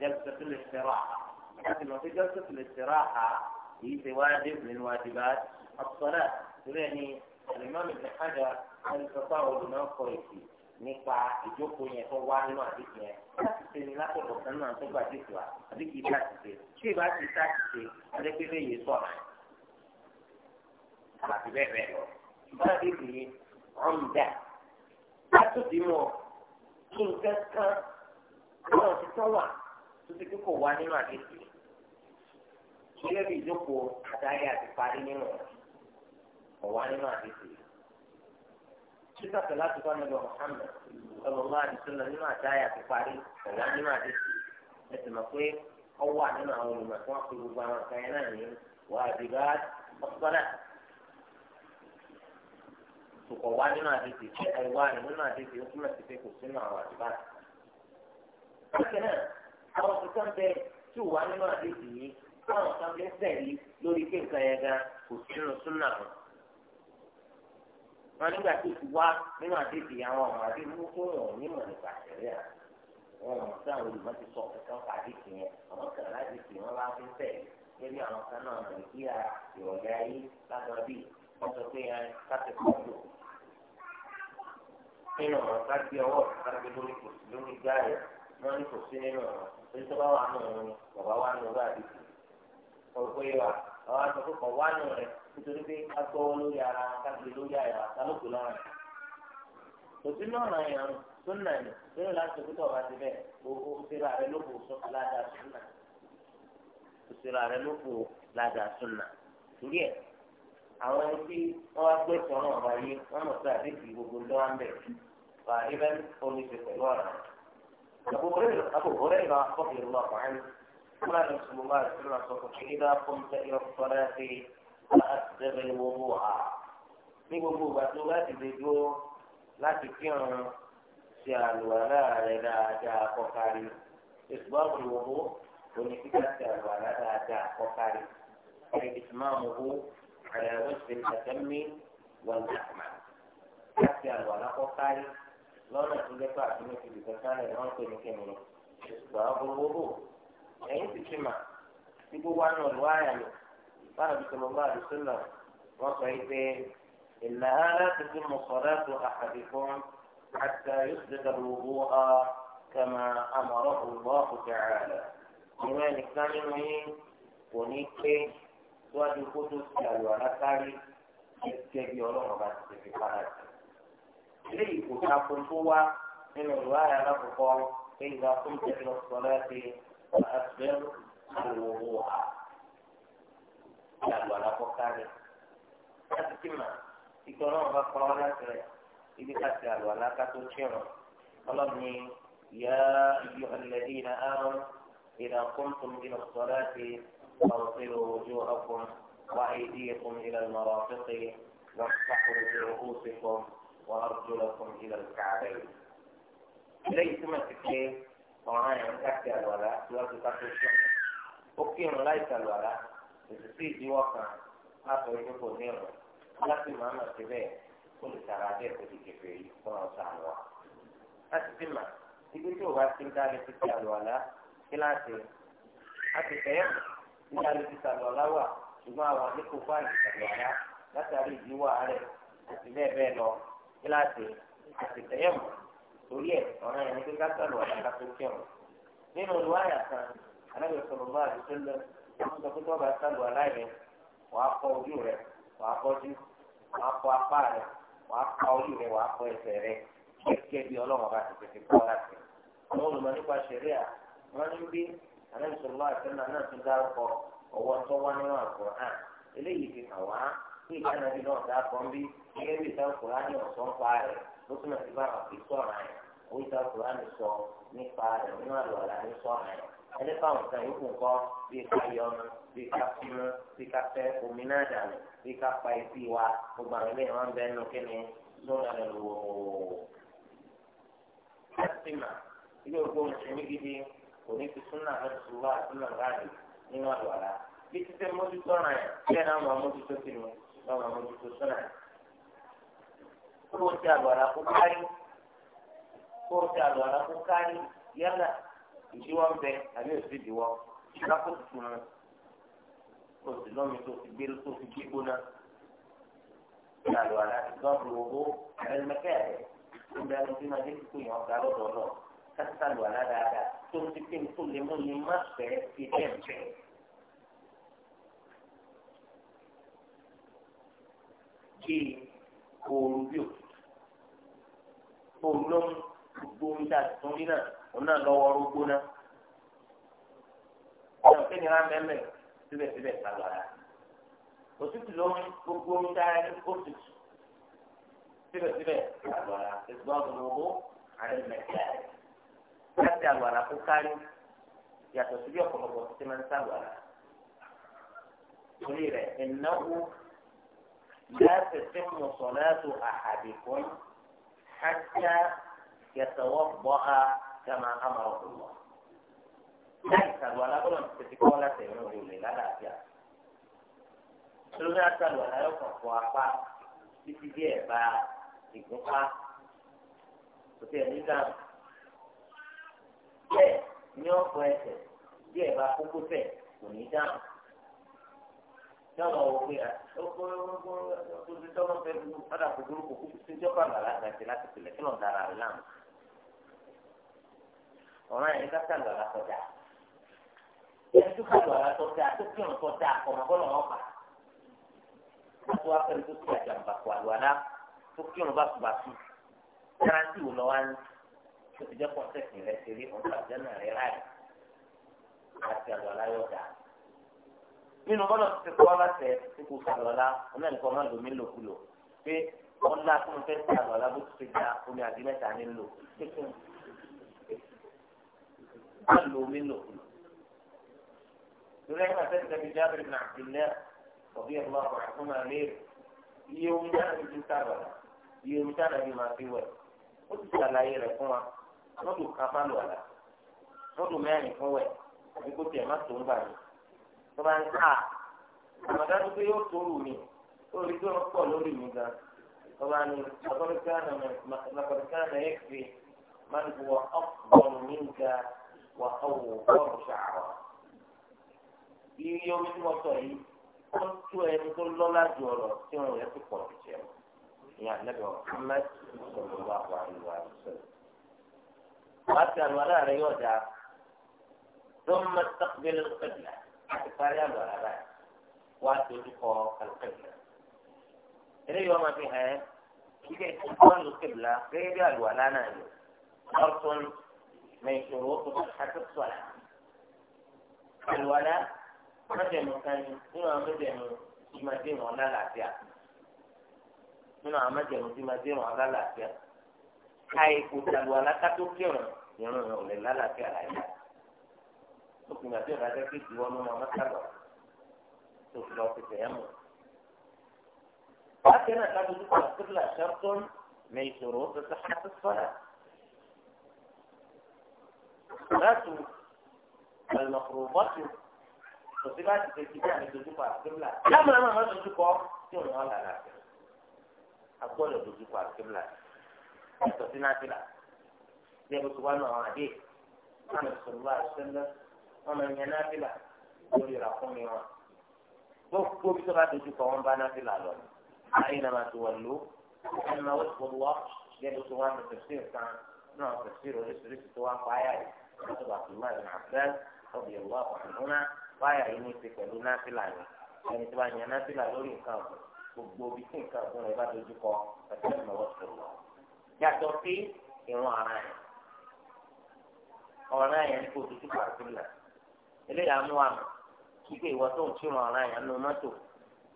jẹ́sọ̀tì lè ṣẹ̀rọ̀ àhà láti mọ̀ sí jẹ́sọ̀tì lè ṣẹ̀rọ̀ nípa ìjókòó yẹn tó wá nínú àdéhùn yẹn láti ṣe ni látọ̀dọ̀ kan náà tó gba àdéhùn wa àbí kì í bá ti ṣe tí ìbá ti ṣá ti ṣe adépépé yìí sọ̀rọ̀ àti bẹ́ẹ̀ bẹ́ẹ̀ lọ. ṣùgbọ́n àdéhùn yìí ọ̀hún dà látòdì mọ̀ kí nǹkan kan náà ti tán wà tó ti kókò wá nínú àdéhùn yìí. ṣé bí ìjókòó àdáyé àti parí nínú ọ̀wá nínú àdéhùn yìí títà pẹ̀lú àtúkọ́ nígbà Muhammad sallallahu alaihi wasallam nínú àdáyà ti parí ọ̀wá nínú àdéhùn ẹ sì mọ̀ pé ọwọ́ àdínà àwọn olùmọ̀ tí wọ́n fi gbogbo àwọn kan yẹn náà ní wàá dìgbà ọ̀sọ́dà sùkọ̀ wá nínú àdéhùn ṣé àìwá rẹ̀ nínú àdéhùn ó túmọ̀ sí pé kò sínú àwọn àdúrà. bákan náà àwọn tuntun bẹ tí ò wá nínú àdéhùn yìí táwọn kan lè lórí pé yẹn gan kò sínú súnà wọn wọn nígbà tó ti wá nínú àdéhùn àwọn ọmọ àdéhùn tó wọn ò nípa àtẹ̀rẹ́ à wọn ò àwọn olùmọ̀ ti sọ kankan pa àdéhùn yẹn àwọn kan láti fi wọn bá fi tẹ̀ lórí àwọn kan náà nàìjíríà ìrọ̀lẹ́ ayé látọ̀ bí wọ́n sọ pé ẹ káfí kọ́ọ̀tù nínú ọ̀rọ̀ ká gbé ọwọ́ káfí lórí kò sí lórí gáàrí wọn ní kò sí nínú ọ̀rọ̀ nítorí pé agbọ́wọ́ lórí ara kágbé lórí àyà àtàlùkù lọ́rùn kò sí náà ràn yàn tó nà ní lórí láti òkúta ọba ti bẹ owó síra rẹ ló kò sọ ládàá súnà síra rẹ ló kò ládàá súnà torí ẹ àwọn ẹni tí wọn wá gbé sọ̀rọ̀ ọba yìí wọn mọ sí àdéhùn gbogbo ńlọ wá ń bẹ wà ibẹ omi ti pẹ̀lú ọ̀rọ̀ àbòbò rẹ ìlà ọkọ ìlú ọkọ ẹni wọn lọ sọmọ bá a ti sọ̀rọ̀ sọkọ kí ní bá kọ́ àtẹ̀rẹ̀ ìwòwò à ní gbogbo ìgbà tó bá ti lè dúró láti kírun ṣe àlùwàlá rẹ̀ dáadáa kọ́kárí ìsìláàmù ìwòwò oníkíkà ṣe àlùwàlá dáadáa kọ́kárí ìsìláàmù ìwòwò àyàwó ṣe àtẹ́mí wọn dàgbà láti àlùwàlá kọ́kárí lọ́nà tó lẹ́kọ̀ọ́ àti ní ti dìbò sálẹ̀ wọ́n pè ní kẹ́mi ìsìláàmù ìwòwò ẹ̀yìn ti ṣì mà tí gbogbo àná lọ́ àyà lò. قال صلى الله عليه وسلم وصيته إلا لا تتم صلاة أحدكم حتى يسجد الوضوء كما أمره الله تعالى لمن كان منه ونيكي سواد القدس تاري يسجد يوم بس في حالته لي كتاب هو من الرواية لفظة إذا قمت إلى الصلاة فأسجد الوضوء kí àgbàlá kọ́ kárí. láti kí mà ìtọ́ náà bá kọ́ ọ́ láti ibi ká ti àgbàlá ká tó kírun. ọlọ́ni yá ibi ọ̀lẹ́dí iná àrùn ìdá kóńtùm ìlà sọ́lá ti ọ̀rọ̀sẹ̀rọ̀ ojú ọkùn wá ìdí ẹkùn ìlà mọ̀rọ̀ fẹ́fẹ́ wọ́n sàkóso ìrọ̀kùn وأرجلكم إلى الكعبين ليس مسكين ورايا مسكت الولاء سواء تقول الشمس أكين ليس àlá. òsì sí ìdíwọ́ kan láti ojú kò ní ọ̀rọ̀ láti máa mà sí bẹ́ẹ̀ kó lè tara bẹ́ẹ̀ kó di kẹfẹ́ yìí kó wọn sàn wá. láti fi mà ibi tí o bá ti ń dáre ti ti àlùwàlá kíláàsì láti fẹ́ ń dáre ti ti àlùwàlá wà ṣùgbọ́n àwọn àdínkù bá ìtàlùwàlá látàrí ìdíwọ́ àárẹ̀ àti bẹ́ẹ̀ bẹ́ẹ̀ lọ kíláàsì àti fẹ́ mọ̀ torí ẹ̀ ọ̀ràn ẹni pé ká sàlùwàlá ká tó kẹ́wọ̀n wọ́n sọ pé tí wọ́n bá sálù aláìrẹ wàá fọ ojú rẹ wàá fọjú wàá fọ apá rẹ wàá fọ ojú rẹ wàá fọ ẹsẹ̀ rẹ gẹ́gẹ́ bí ọlọ́run bá ti tètè kọ́ láti. àwọn olùmọ̀ nípa ṣẹ̀ríà wọ́n ń gbé àlẹ́sọ̀rọ̀ àtẹ́nà náà tún dárúkọ ọwọ́ tó wá nínú àgbọ̀n náà eléyìí fi hàn wá kí ìdánabi náà dá kan bí gẹ́gẹ́ bí ìdánkùnrin á ní ọ̀sán pa rẹ̀ ló túnmọ̀ sí bá àfi sọ̀rọ̀ àyàn òun ìdánkùnrin á ní sọ nípa rẹ̀ nínú àlọ́ àlá ní sọ̀rọ̀ àyàn ẹni fáwọn kan yòókù kọ́ bí ká yọnu bí ká fúnú bí ká fẹ́ omi náà dànù bí ká pa etí wa gbogbo àwọn ilé wọn bẹ́ẹ̀ nù kí ni lónà lè wò ó. láti mà ilé ògbó mùsùlùmí gidi kò ní fi súnà lọ́dún tó wá súnà láàyè nínú àlùwàlá bí títẹ mójútó ọ̀ràn yẹn bẹ́ẹ̀ náà mọ̀ mójútó kiri náà mọ̀ mójútó súnà yẹn. kó o kó kárí kó o kó kárí yálà ìdíwọ́ ń bẹ àbí òsì ìdíwọ́ lápò tuntun mu òsì lọ́mi tó fi gbé tó fi gbígbóná ìyàlọ́ àlá ìdọ́rù owó ẹlẹ́mẹ́kẹ́ rẹ̀ tó ń darí sí máa dé kíkó yàn ọ̀gá lọ́dọ̀ náà kásítà lù àlá dáadáa tó ń ti pé tó lè mú ni má fẹ́ ti bẹ́ẹ̀ bẹ́ẹ̀. kí oorun bí òkú oorun ló ń gbóhùn dáa tó ń náà òun náà lọ́wọ́ rúgbó náà ọ̀nà kéde rà mẹ́mẹ́ síbẹ̀síbẹ̀ sàlọ́ra òtútù ló ń gbogbo ń dára ní òtútù síbẹ̀síbẹ̀ sàlọ́ra ètò ọ̀gbìn owó àti mẹ́tẹ́ rẹ̀ láti àlọ́ra kó kárí yàtọ̀ síbi ọ̀pọ̀lọpọ̀ tí máa ń sàlọ́ra torí rẹ̀ ìnáwó láti fi mùsọ̀lá tó àhàdìkún hájà yàtọ̀ wọ́n gbọ́ ha. كما أمره الله láì sàlù alábọ́lọ̀ ti tètè kọ́ láti ẹ̀rọ rẹ̀ lè lálàáfíà. lórí àtàlù aláyọ̀kàn fọ apá títí díẹ̀ bá ìgúnpá òtí ẹ̀mí dáhùn. bẹ́ẹ̀ ní ọ̀pọ̀ ẹsẹ̀ díẹ̀ bá kókósẹ̀ kò ní dáhùn. yọ̀nà òwe àtọ́kọ́ tó ti tọ́kọ́ fẹ́ lu ọ̀dà kòkòrò kòkó tó ti jọ́ pàmò alága ti láti pèlè kí lọ́ọ̀ dára rẹ̀ láàmú ọ̀ràn yẹn ká sàlù àlá kọjá ẹtú sàlù àlá kọjá tó kí òun kọjá ọmọ bọ́lọ̀ wọn fà láti wá pẹ̀lú tó kí àjàmbá kọ àlù àlá tó kí òun bá tù bá tù garanti wò lọ́wọ́ ní tó ti jẹ́ kọ́ńtẹ́ẹ̀tì rẹ̀ ṣeré ọ̀gá àjẹ́nà rẹ̀ ráì àti àlù àlá yọ̀ dà nínú bọ́lọ̀ ti kọ́ láti ikú sàlù àlá ọ̀nà nìkan قلوا منه يقول ما تجد بجابر بن عبد الله رضي الله عنهما أمير يوم جاء بالكتابة يوم جاء بما في وجه قلت لا يرقون نضو كفان ولا نضو ماني فوي يقول ما تنبني طبعا آه àmọ̀dájú pé yóò tó wù mí ó rí tó ń pọ̀ lórí mi gan. ọba ni كان yẹ من هو أفضل منك. وقوم شعره iye omi tí mo sọ yìí ó ń tú ẹni tó lọ́lá ju ọ̀rọ̀ tí wọn yẹ ti pọ̀ jù jẹ́ ìyá nẹ́bẹ̀ Muhammad sọ̀rọ̀ wà wà ìwà ìṣẹ̀lẹ̀. láti àlọ́ àlá rẹ̀ yóò dáa ثم استقبل القبلة أكثر ولا بعد وتلقى القبلة اليوم فيها إذا استقبل القبلة غير الولاء نعم شرط من شروط صحة الصلاة الولاء مجنو كان هنا مجنو في مدينة ولا لا فيها هنا مجنو في مدينة ولا لا فيها àìkú tàlùwàlá kátó kírun ìrún rẹ ò lè lálàáfíà láyé ó fi màtí ìrìn àjẹ kéèkì wọnú ọmọ sábà tó fi lọ fìfẹ ẹ mọ. bákan náà ká dojú kọ àkúrò àṣà tó ń mẹ ìṣòro tó ti ṣáà tó sọ́ra láti ẹlọkùnrùbọ́tì kò sí láti ṣe kí bíi àdójúkọ àkébìlà lámùlá máa máa dojúkọ tí òun wọn làlá sí agbọ́dọ̀ dojúkọ àkébìlà ẹ̀tọ́ sí náfìlà bí ẹbí tó wà náà wọn àdé wọn sọ̀rọ̀ wá àṣẹlẹ wọn máa yan náfìlà lórí ra fún mi wọn gbogbo bí tó bá dojúkọ wọn bá náfìlà lọ náà wọn tẹ̀sí rẹ oríṣiríṣi tó wá fáyà yìí wọn tó bá fìlà ìrìn àbẹ́rẹ́ ọ̀bì ìwà ọ̀húnà fáyà yìí ní ti pẹ̀lú náfìlà yìí ẹni tó bá yan náfìlà lórí nǹkan ọ̀gbìn gbogbo ibi tí nǹkan ọ̀gbìn rẹ bá dojú kọ ẹ̀sẹ̀ ìmọ̀wọ́ tó lọ. yàtọ̀ sí ìrún ara yẹn ọ̀ràn yẹn ní kò dojú kọ àfìlà eléyàá mú àmì kíkẹ́ ìwọ tó ń tìrún ọ̀ràn yẹn nù mọ́tò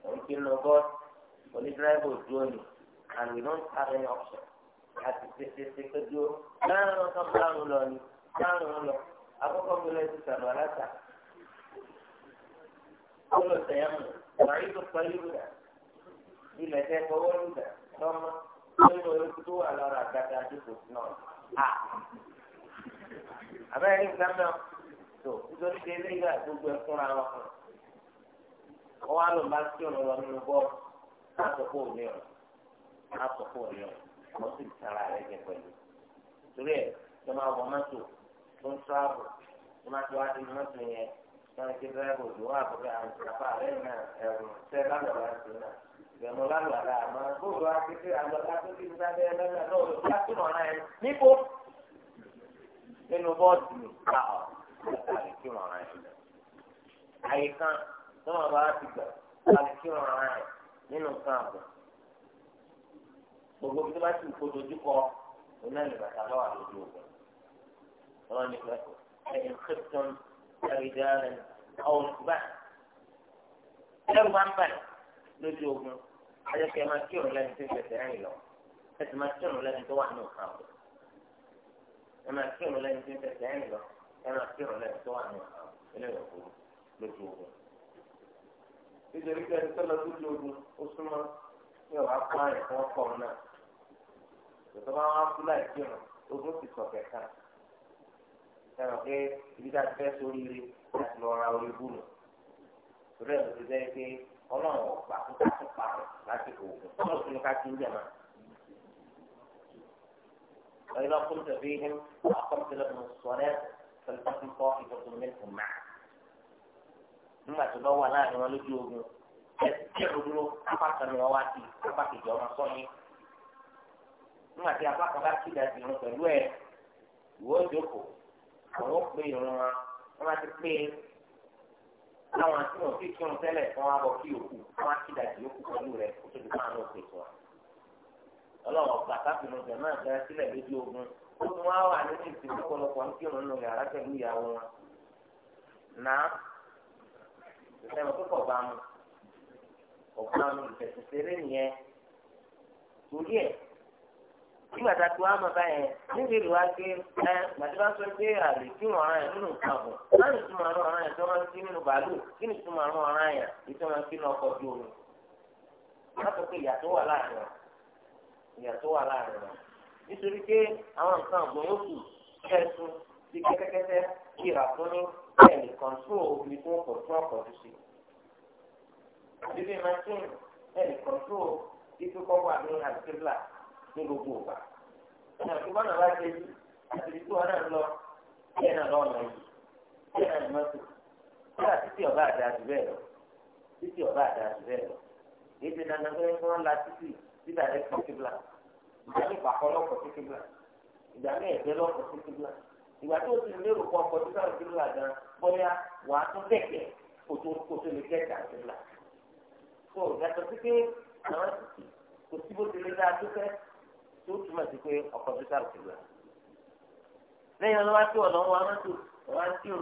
òun ti ń lọ bọ́ọ̀lù onídírẹ́bù dúró ni and we don't have any option. àti tètè tó dúró láàrin ọkọ lọ ni márùn lọ àkọ́kọ́ mi lọ sí aláta kọlọ sẹyàmù màá yóò pẹ̀lú rẹ ilẹ̀ tẹ fọwọ́ lùdà lọ́mọ lórí olókùn tó wà lọ́rọ̀ àgbàdo àdúgbò náà a. abẹ́rẹ́ tó nítorí pé wọn á lọ bá lọ nínú òní ọ̀ àmọ́ sì tara rẹ̀ jẹ pẹ̀lú. torí ẹ̀ tó máa wọ mọ́tò tó ń tíráàbù tó máa ti wá di mọ́tò yẹn tó ń ti dírẹ́bù tó wà pé àǹtàfà rẹ̀ náà ẹ̀rù tẹ́ lálọ́lá sí náà. ìgbẹ̀mọ̀ lálọ́lá àmọ́ bóòlù akékeré àlọ́lá tó ti ń sábẹ́ ẹlẹ́gbẹ̀ẹ́ náà ló bá tó rọra ẹ̀ níbo nínú bọ́ọ̀dù káà láti kí rọra ẹ̀ àyíká tó máa bá ti gbà láti kí rọra ẹ̀ nínú káàbọ̀ gbogbo bí tó bá ti kó dojú kọ oná ní bàtà lọ́wọ́ àlejò ògùn ọ̀rọ̀ ní pẹ́ ẹ̀yìn kírísítọ́n àrídá rẹ̀ ọ̀hún bá ẹ̀rù bá ń bà lójú ogun ayọ̀kẹ́ máa kí òun lẹ́nu tó fẹsẹ̀ rìn lọ ẹ̀sìn máa kí òun lẹ́nu tó wà ní òkà wọn ẹ̀ máa kí òun lẹ́nu tó fẹsẹ̀ rìn lọ ẹ̀ máa kí òun lẹ́nu tó wà ní òkà wọn ẹlẹ́yọ̀ kúrú lójú ogun nítorí pé ẹni tó lọ lójú ogun ó súnmọ́ ní ọ̀rọ̀ apá ẹ̀kọ́ ọkọ̀ náà. tòtò bá wọn kú láì kírun ogún ti sọ kẹta ẹnì pé ibi tá a ti fẹ́ sórí rí láti lọ ra orí bú nù torí ẹ̀ ló ti jẹ́ pé ọlọ́run ọ̀pá tó ká tó pa láti oògùn tó lọ́ọ́ fún mi ká kí ń jẹ̀ máa. وإذا قمت فيهم وأقمت لهم الصلاة فلتكن طائفة منهم معك nígbà tó bá wà láàrin wọn lójú ogun ẹ jẹ́ òdúró apáta ni wọ́n wá sí apáta ìjọ máa sọ nígbà tí apá kan bá kí ìdajì irun pẹ̀lú ẹ̀ ìwọ ìjókòó àwọn ó pé irun wa wọ́n bá ti pé láwọn tí wọ́n fi kí irun tẹ́lẹ̀ wọ́n wá bọ̀ kí òkú wọ́n á kí ìdajì yòókù pẹ̀lú rẹ̀ kó tó di káwọn ó pè fún wa. ọlọ́wọ́ ọ̀gbà káfíńtì jẹ̀ náà bẹ̀rẹ̀ sílẹ̀ lójú ogun ó tún wá wà nínú ìsìn lọ́pọ̀lọpọ̀ ní kí irun nù yàrá pẹ̀lú ìyàwó wọn. náà ìfẹ́mi tó kọ̀ bá mu ọ̀gbọ́n mi ìfẹ̀sùn nígbà tá a ti wá mọ̀ báyẹn níbi ìlú wa gbé ẹ gbàdúrà sọ pé àlè kí wọn ọ̀ràn yẹn nínú nǹkan bọ̀ láti túmọ̀ àrùn ọ̀ràn yẹn tó máa ń kí nínú bàálù kí ni túmọ̀ àrùn ọ̀ràn yẹn èyí tó máa ń kí ní ọkọ̀ ojú omi. látọ̀ pé ìyàtọ̀ wà láàrin wọn ìyàtọ̀ wà láàrin wọn nítorí pé àwọn nǹkan ọ̀gbọ́n yóò kù kẹ́sùn bí kẹ́kẹ́kẹ́kẹ́ kí ìràkúnmí bẹ́ẹ̀ lè kọ̀ǹtúrò omi tó ń kọ̀ọ̀tún ọkọ̀ tó ṣe. bíbí machine ní gbogbo ìgbà ọ̀nà ìgbà náà bá ṣe yí àti ìdíkú ọ̀nà lọ kí ẹ̀ náà lọ́ọ̀nà yìí kí ẹ̀ náà mọ́tò kí ẹ̀ títí ọ̀bá àdá jù bẹ́ẹ̀ lọ títí ọ̀bá àdá jù bẹ́ẹ̀ lọ èyí ti dandan pé wọ́n la títí títà rẹ̀ kọ́ kíbla ìgbà ní ìpàkọ́ lọ́kọ̀ sí kíbla ìgbà ní ẹ̀gbẹ́ lọ́kọ̀ sí kíbla ìgbà tó ti lérò pọ̀ ọkọ̀ títà rẹ̀ kíbla gan bóyá wàá tún bẹ̀kẹ̀ kòtò kòtò lè kẹ́ta kíbla. so yàtọ̀ sí pé àwọn kò sí bó ti lè dáa tó fẹ́ tó túmọ̀ sí pé ọkọ̀ fi sáà kìlọ̀ lẹ́yìn ọlọ́wọ́ tí ọ̀nà wa mọ́tò ọ̀wá tí o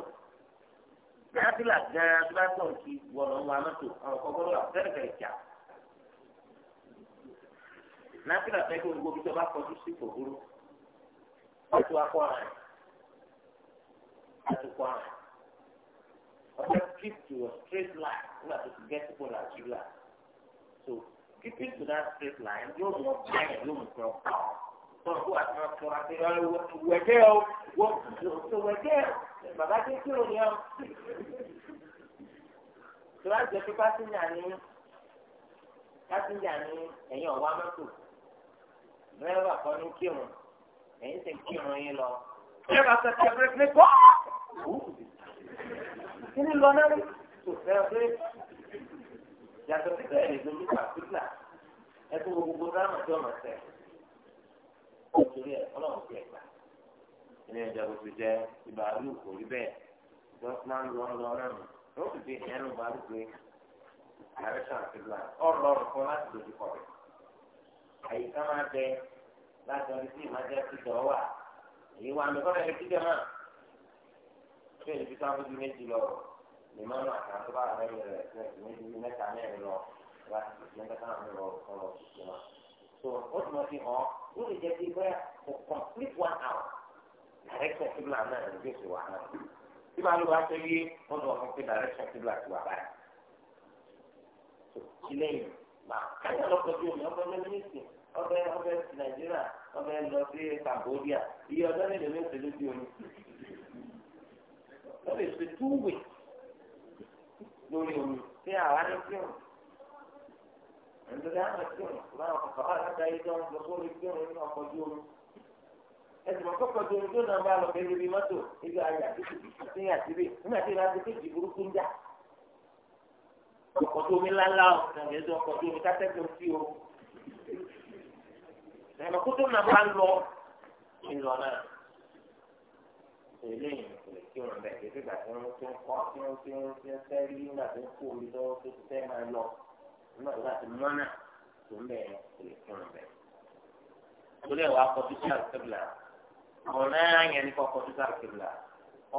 káfílà gan-an tó bá pọ̀ kí ọ̀nà wa mọ́tò àwọn ọkọ̀ gbọ́dọ̀ àfẹ́rẹ́fẹ́rẹ́ jà náfílà fẹ́ kí gbogbo tó bá kọjú sí kòkòrò ọtú akọ àrùn àtúkọ àrùn ọjọ́ trip to a straight line nígbà tó ti gẹ́sìpọ̀ nàìjíríà so keeping to that straight line yóò mú báyà yóò mú sọ sọ fún wa sọ fún wa pé wẹ̀gẹ́ o wọ wẹ̀gẹ́ bàbá tó kí o yẹ o. tó bá jẹ pé pásíńjà ni pásíńjà ni ẹ̀yin ọ̀wá mọ́tò dírẹ́bà kan ní kírun ẹ̀yin sì ń kírun yín lọ. dírẹ́bà sọ ti ẹgbẹ́ pé kí ni lọ náà rí? tó fẹ́ pé yàtọ̀ sí bẹ́ẹ̀ ni lórí pàṣípà. ẹtú gbogbo dáhùn tí ọmọ ọ nítorí ẹ Ọlọ́run ti ẹgbà ilé ẹjọ́ bó ti jẹ ìbàálù kò rí bẹ́ẹ̀ ìjọ máa lọ lọ náà nù ó sì fi ẹnu bàálù pé ààrẹ sàn ti gbà ọlọ́run fún láti dojú kọ rẹ àyíká máa bẹ láti ọdún tí ìmájá ti dọ̀ wà èyí wà mí kọ́lá náà ṣé wá ìṣẹ́ nígbà táwọn ọmọ ọkọ lọ tuntun wa so ó ti mọ fi hàn ó lè jẹ́ pé bẹ́ẹ̀ kò complete one hour direction ti bla náà ló sì wà náà tí màá ló wá sọ yé wọ́n lọ fún pé direction ti bla ti wà báyìí so ilé yìí káyọ̀ lọ́kọ̀ bí omi ọgbẹ́ mẹ́lẹ́mẹ́sì ọbẹ̀ ọbẹ̀ nàìjíríà ọbẹ̀ lọ sí cambodia iye ọjọ́ nílò ló ń ṣe lójú omi lọ́lẹ̀ ṣe two lórí omi tí àwa ní kírun. عنده دعم الدنيا ما فقال حتى يدون بصور الدنيا إنه قدوم ẹsùn tó kọjú ojú náà bá lọ bẹ̀rẹ̀ bíi mọ́tò ibi ayé àtìkù àti àtìbí nígbà tí ìrántí tó jì burúkú ń jà. ọkọ̀ tó omi ńláńlá o nàbí ẹjọ́ ọkọ̀ tó omi kátẹ́kọ̀ọ́ sí o. ẹ̀rọ kótó náà bá ń lọ ìlọ náà. eléyìí kò lè kí wọn bẹ̀ kí ẹgbẹ́ gbà tí wọ́n ti ń kọ́ tí wọ́n ti ń fẹ́ rí nígbà tó ń kó omi lọ́wọ́ tó ti fẹ́ máa lọ nígbà tó bá ti mọ́nà tó ń bẹ̀ kò lè fún un bẹ̀. torí ẹ̀ wá kọ títí àkébìlà ọ̀nà yẹn ní kọ́ kọ títí àkébìlà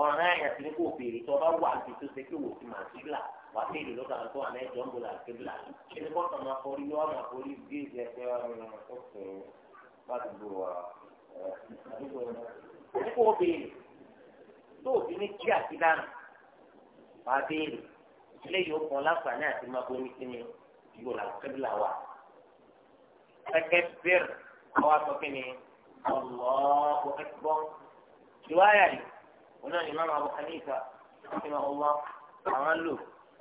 ọ̀nà yẹn ti ní kó béèrè tó bá wà ní tó ṣe kí wò sí màá sí là wà á béèrè lọ́dọ̀ àwọn tó wà ní ẹ̀jọ̀ ń bọ̀ là àkébìlà ẹni kọ́ tàn máa forí yọ ọ̀nà forí géèjì ẹgbẹ́ ọ̀nà ọ̀sẹ̀ láti bò wà ẹni kó béèrè wà á béèrè eléyìí ó kàn láǹfààní àti máa bomi ìbò là kébìlà wà. Ẹ̀kẹ́ bẹ́ẹ̀rù àwọn asọ́kí ni Allahu Akbar. Ìwáyà yìí, òun náà ni Imam Abu Hanifa, ṣé máa wọ́n àwọn lò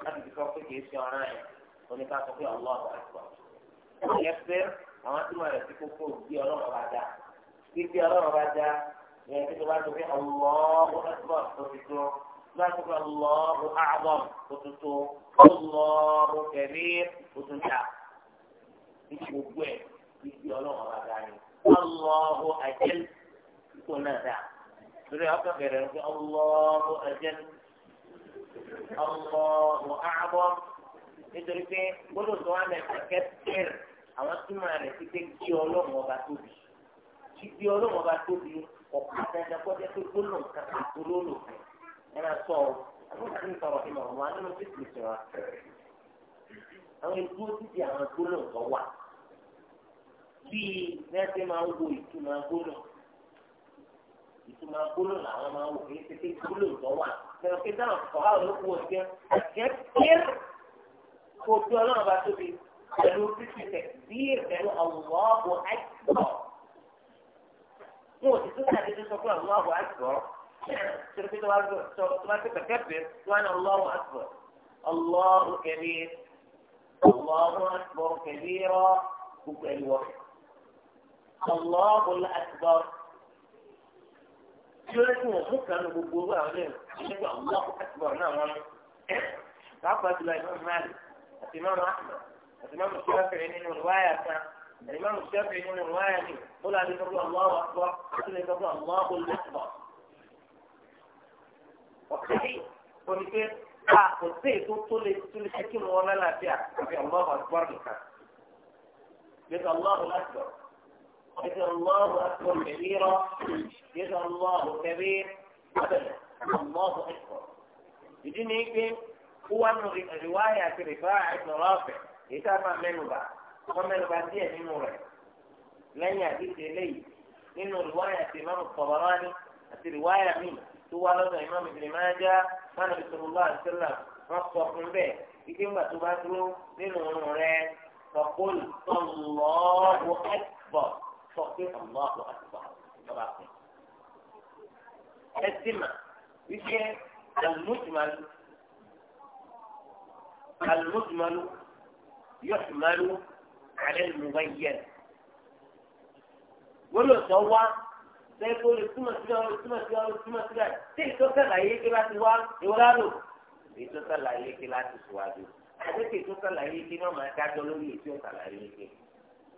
láti fi sọ pé kìí ṣe ọ̀ràn yẹn, òun ni ká sọ pé Allahu Akbar. Ẹ̀kẹ́ àwọn tí wọ́n rẹ̀ sí kókó bí ọlọ́run bá dá. Bí ọlọ́run bá dá, ìyẹn tí wọ́n bá sọ pé Allahu Akbar tó الله أعظم الله كبير ó tún dá ibi gbogbo ẹ̀ ibi ọlọ́run ọba dá ni ọlọ́hu àjẹl kó náà dá lórí ọkọ̀ bẹ̀rẹ̀ ní ọlọ́hu àjẹl ọlọ́hu àbọ̀ nítorí pé gbọ́dọ̀ tó wà lẹ́sẹ̀ kẹ́tẹ́rì àwọn túmọ̀ rẹ̀ ti kí ibi tóbi kọ́jẹ́ fún àwọn ìlú títí àwọn gbólóhùn kan wà bíi mẹ́tẹ́ máa ń wo ìtumọ̀ gbólóhùn ìtumọ̀ gbólóhùn làwọn máa ń wò kí tètè gbólóhùn kan wà lẹ́nu pé dáhùn kọ́há ló kú ọ̀jẹ́ ọ̀jẹ́ pír kò tó ọlọ́run bá tóbi pẹ̀lú títí tẹ̀ bí pẹ̀lú ọ̀wọ́ọ̀bù àìsàn wọn ò sì tún tàbí tó sọ fún ọ̀wọ́ọ̀bù àìsàn tẹ̀lé pé tó wá tó wá tó kẹ̀kẹ́ pé wọn ọlọ́run àìsàn ọlọ́run kẹ̀mí الله أكبر كبيرا بكى الوقت الله الأكبر شو لكن الفكرة أنا بقول عليهم الله أكبر نعم تعبد الإمام مالك الإمام أحمد الإمام الشافعي من رواية الإمام الشافعي من رواية قل أبي الله أكبر قل أبي الله الأكبر وصحيح ولكن a ah, kò sí ètò tó lè tó lè kí wọn lálàáfíà àbí Allahu akbar nìkan gbèsè Allahu akbar gbèsè Allahu akbar kẹbíirọ gbèsè Allahu kẹbíir abẹlẹ Allahu akbar ìdí ni pé wọn nù riwaya àti rìfà àìsàn rọfẹ èyí tá a máa mẹ́nubà wọn mẹ́nubà díẹ̀ nínú rẹ̀ lẹ́yìn àdìsẹ eléyìí nínú riwaya àti Imam tó wá lọ́dọ̀ Imam Ibn Majah mọ́nà bisimilá àdìsẹ́là wọ́n sọ fún bẹ́ẹ̀ ike ńgbà tó bá dúró nínú ọrùn rẹ sọ̀kólù Allahu Akbar sọ̀kí Allahu Akbar ìjọba fún un. ẹ sì mà wípé àlùmùtìmálù àlùmùtìmálù yóò tìmálù àlẹ́ lùmùbáyé. wọ́n lọ sọ wá. lẹ́yìn tó lè túmọ̀ síbẹ̀ ó lè túmọ̀ síbẹ̀ ó lè túmọ̀ síbẹ̀ tí èso sàlàyé ké láti wá ìwọ́ládò èso sàlàyé ké láti síwájú àti tí èso sàlàyé ké náà máa dájọ́ lórí èso sàlàyé ké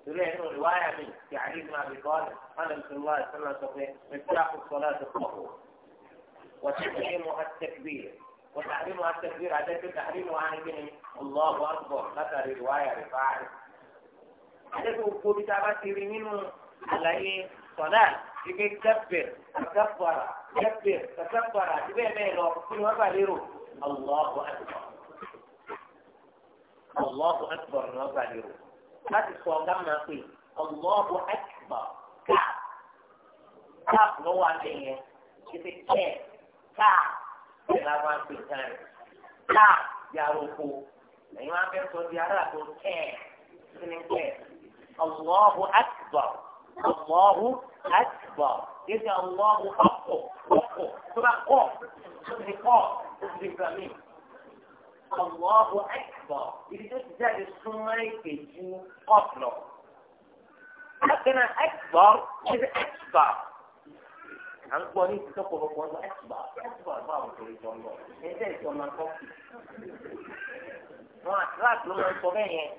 torí ẹnu ìwáyà mi ti àdéhùn àbíkọ́ ọ̀nà ọ̀nà ìṣòwò àìsàn sọ pé mẹsìlá kò sọ láti pọ̀ وتحريمها التكبير وتحريمها التكبير عادة تحريمها عن ابن الله أكبر مثل رواية رفاعي عادة وقول تابع سيرينين على صلاة ike kẹfẹ kakafara kẹfẹ kakafara àti bẹ́ẹ̀ bẹ́ẹ̀ lọ kí ni wọ́n bá lérò Allahu akbar Allahu akbar ni wọ́n bá lérò láti sọ ọ̀gá máa pè Allahu akbar káà káà lọ́wọ́ alẹ́ yẹn ike kẹ́ẹ̀ káà bẹ́ẹ̀ la máa pè náà káà yàrá oko lẹ́yìn wọn fẹ́ sọ di aráàlú kẹ́ẹ̀ kí ni kẹ́ẹ̀ akbar. الله أكبر إذا الله حقه حقه فرقه تطلقه تطلق مين الله أكبر إذا تزال السنة يجي قبله لكن أكبر إذا أكبر àwọn gbọ́ ní ìsìnkú ọ̀pọ̀lọpọ̀ ọ̀nà ẹ̀sùbà ẹ̀sùbà bá àwọn òṣèré jọ lọ ẹ̀jẹ̀ ìjọ máa ń tọ́ sí. àwọn àtúrà tó máa ń sọ bẹ́ẹ̀ yẹn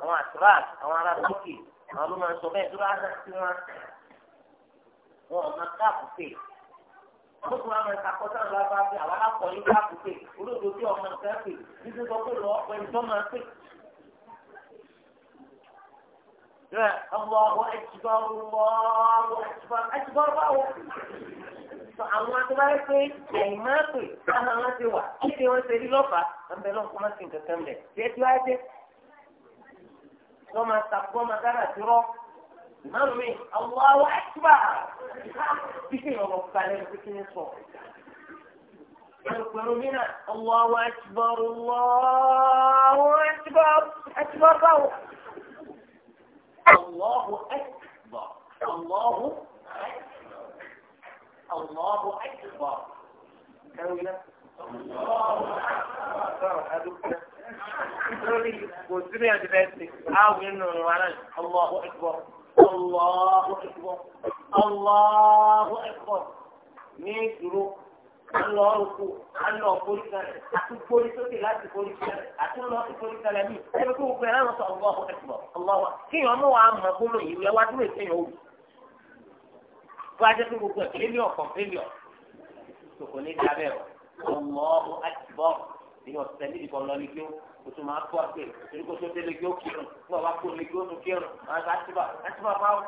àwọn àtúrà àwọn ará tọ́kì àwọn ló máa sọ bẹ́ẹ̀ tó bá dá sí wọn wọn ọmọ káàpù pè àwọn tó máa ń sakọ sáà lọ bá pè àwọn akọ yìí káàpù pè olóòdò bí ọmọ nǹkan pè títí sọ pé lọ́ọ́ pẹ̀lú tó máa pè. Allahu akbar Allahu akbar akbar báwo. Àwọn atúbáyé pé ẹ̀yìn máa pè láwọn wọn ti wà kí ni wọ́n ṣe rí lọ́fà àbẹ̀lọ́kọ́ máa ti nǹkan kan bẹ̀. Bí ẹ ti wọ́n máa takú ọmọ dára dúró ìmáàmù mi àwọn àwọn àtúbà bí kí ìrọ̀rọ̀ الله أكبر الله أكبر أكبر الله أكبر الله أكبر الله أكبر كويلة الله أكبر هذا lórí kò sí bí ẹ̀dẹ̀ bẹ́ẹ̀ ti àwọn ní ìdúró alọ ọkọ alọ àti forísókè wa èyí ọ̀sẹ̀ níbi kan lọ ní kí ó o tún máa kó àgbè torí kó tó délé kí ó kírun fún ọba kó lè kí ó nu kírun àti àtibá àtibá báwo.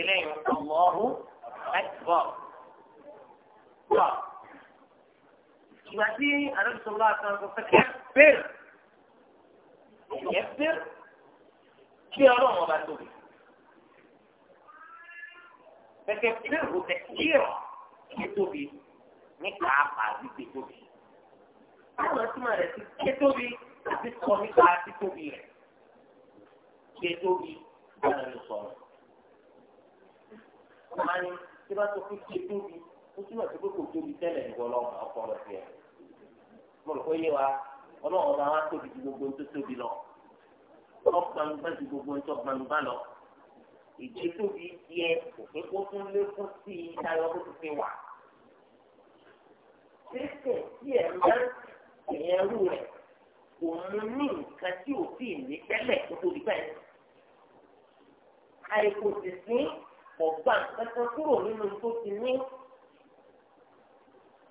eléyìí ọlọ́hu àtibọ̀. tọ́ ìgbà tí àdókòsọ́lá àtàwọn fẹ́kẹ́ bẹ́ẹ̀ ìyẹn bẹ́ẹ̀ kí ọlọ́run ọba tóbi. fẹ́kẹ́ bẹ́ẹ̀ tẹ̀ kí ọ̀ kí tóbi ní kàá pàá tóbi àwọn túmọ̀ rẹ̀ ti ké tóbi àti sọ nípa ti tóbi rẹ̀ ké tóbi àwọn ló sọ̀rọ̀. Màá ní tí bá sọ pé ké tóbi ó túmọ̀ sí pé kò tóbi tẹ́lẹ̀ nìkan lọ́mọ ọkọ rẹ̀ tiẹ̀. Mo rò pé yé wa ọlọ́run ọba wa tóbi ju gbogbo tó tóbi lọ. Ọgbàǹgbà ju gbogbo tó gbàǹgbà lọ. Ìjẹ́ tóbi yẹ òfin kó tún lékún sí i táyọ̀ kó fi wà. Ṣé kẹ̀ sí ẹ̀ ń bẹ́rẹ̀? ìyẹn rú rẹ̀ òun ní nǹkan tí ò tí ní tẹ́lẹ̀ tó di bẹ́ẹ̀. àìkò sì sí ọ̀gbà kankan kúrò nínú tó ti ní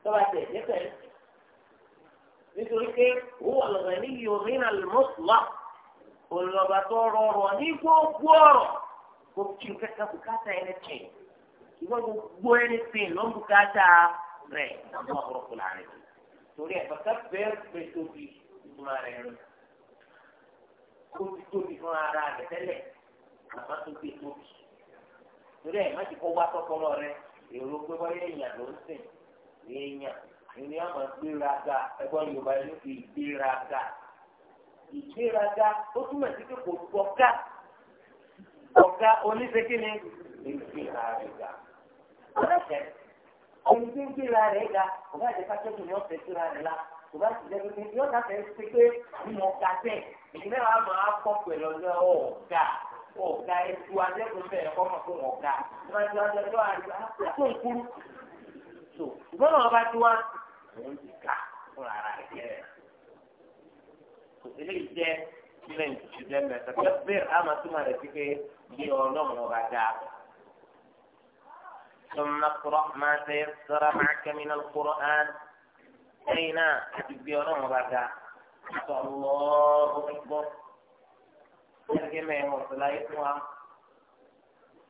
tọ́ba nípẹ́ nítorí pé òun ọ̀lọ́gbà ní yorùbá lọ́sùlá olùlọ́gbà tó rọrùn ní gbogbo ọ̀rọ̀ kò kí n kẹ́kẹ́ bùkátà ẹni tẹ̀ ìwọ́n gbogbo ẹni tẹ̀ ló rẹ̀ lọ́wọ́ ọ̀rọ̀ kò láàrin torí ẹ̀ bàtà bẹ́ẹ̀ pé tóbi ìtumọ̀ rẹ̀ rẹ̀ ó ti tóbi fún ara rẹ̀ tẹ́lẹ̀ àmọ́ tó gbé tóbi torí ẹ̀ má ti kó wá tọ́kọ́lọ́ rẹ̀ èrò pé wọ́n yẹ èèyàn ló ń sìn èèyàn ìní àmọ́ gbéraga ẹgbọ́n yorùbá yẹn ló fi gbéraga ìgbéraga ó túmọ̀ sí pé kò gbọ́ká ọ̀gá oníṣẹ́kíni lè gbéra rẹ̀ ga ọ̀rẹ́sẹ̀ ẹni tí ń gbéra rẹ̀ ga kò bá jẹ́ pàṣẹ kò ní ọ̀fẹ́ síra rẹ̀ la kò bá ti jẹ́ pé yóò dáfẹ́ ṣe pé mo ga tẹ̀ ìdílé wa máa kọ́ pẹ̀lú ọjọ́ ọ̀gá ọ̀gá ètò adẹ́kùn bẹ̀rẹ̀ kọ́ mọ̀ fún ọ̀gá máa ti tó ń kúrú. so ìgbọ́n wọn bá ti wá òun ti kà fún ara rẹ̀ kò sí lè jẹ́ ilé ìtúsí jẹ́ mẹ́ta bẹ́ẹ̀ á máa túmọ̀ rẹ̀ sí pé bí ọlọ́run ọba dáa ثم اقرأ ما تيسر معك من القرآن أين تبيرون بعد الله أكبر ترجمة مرسلة يسمع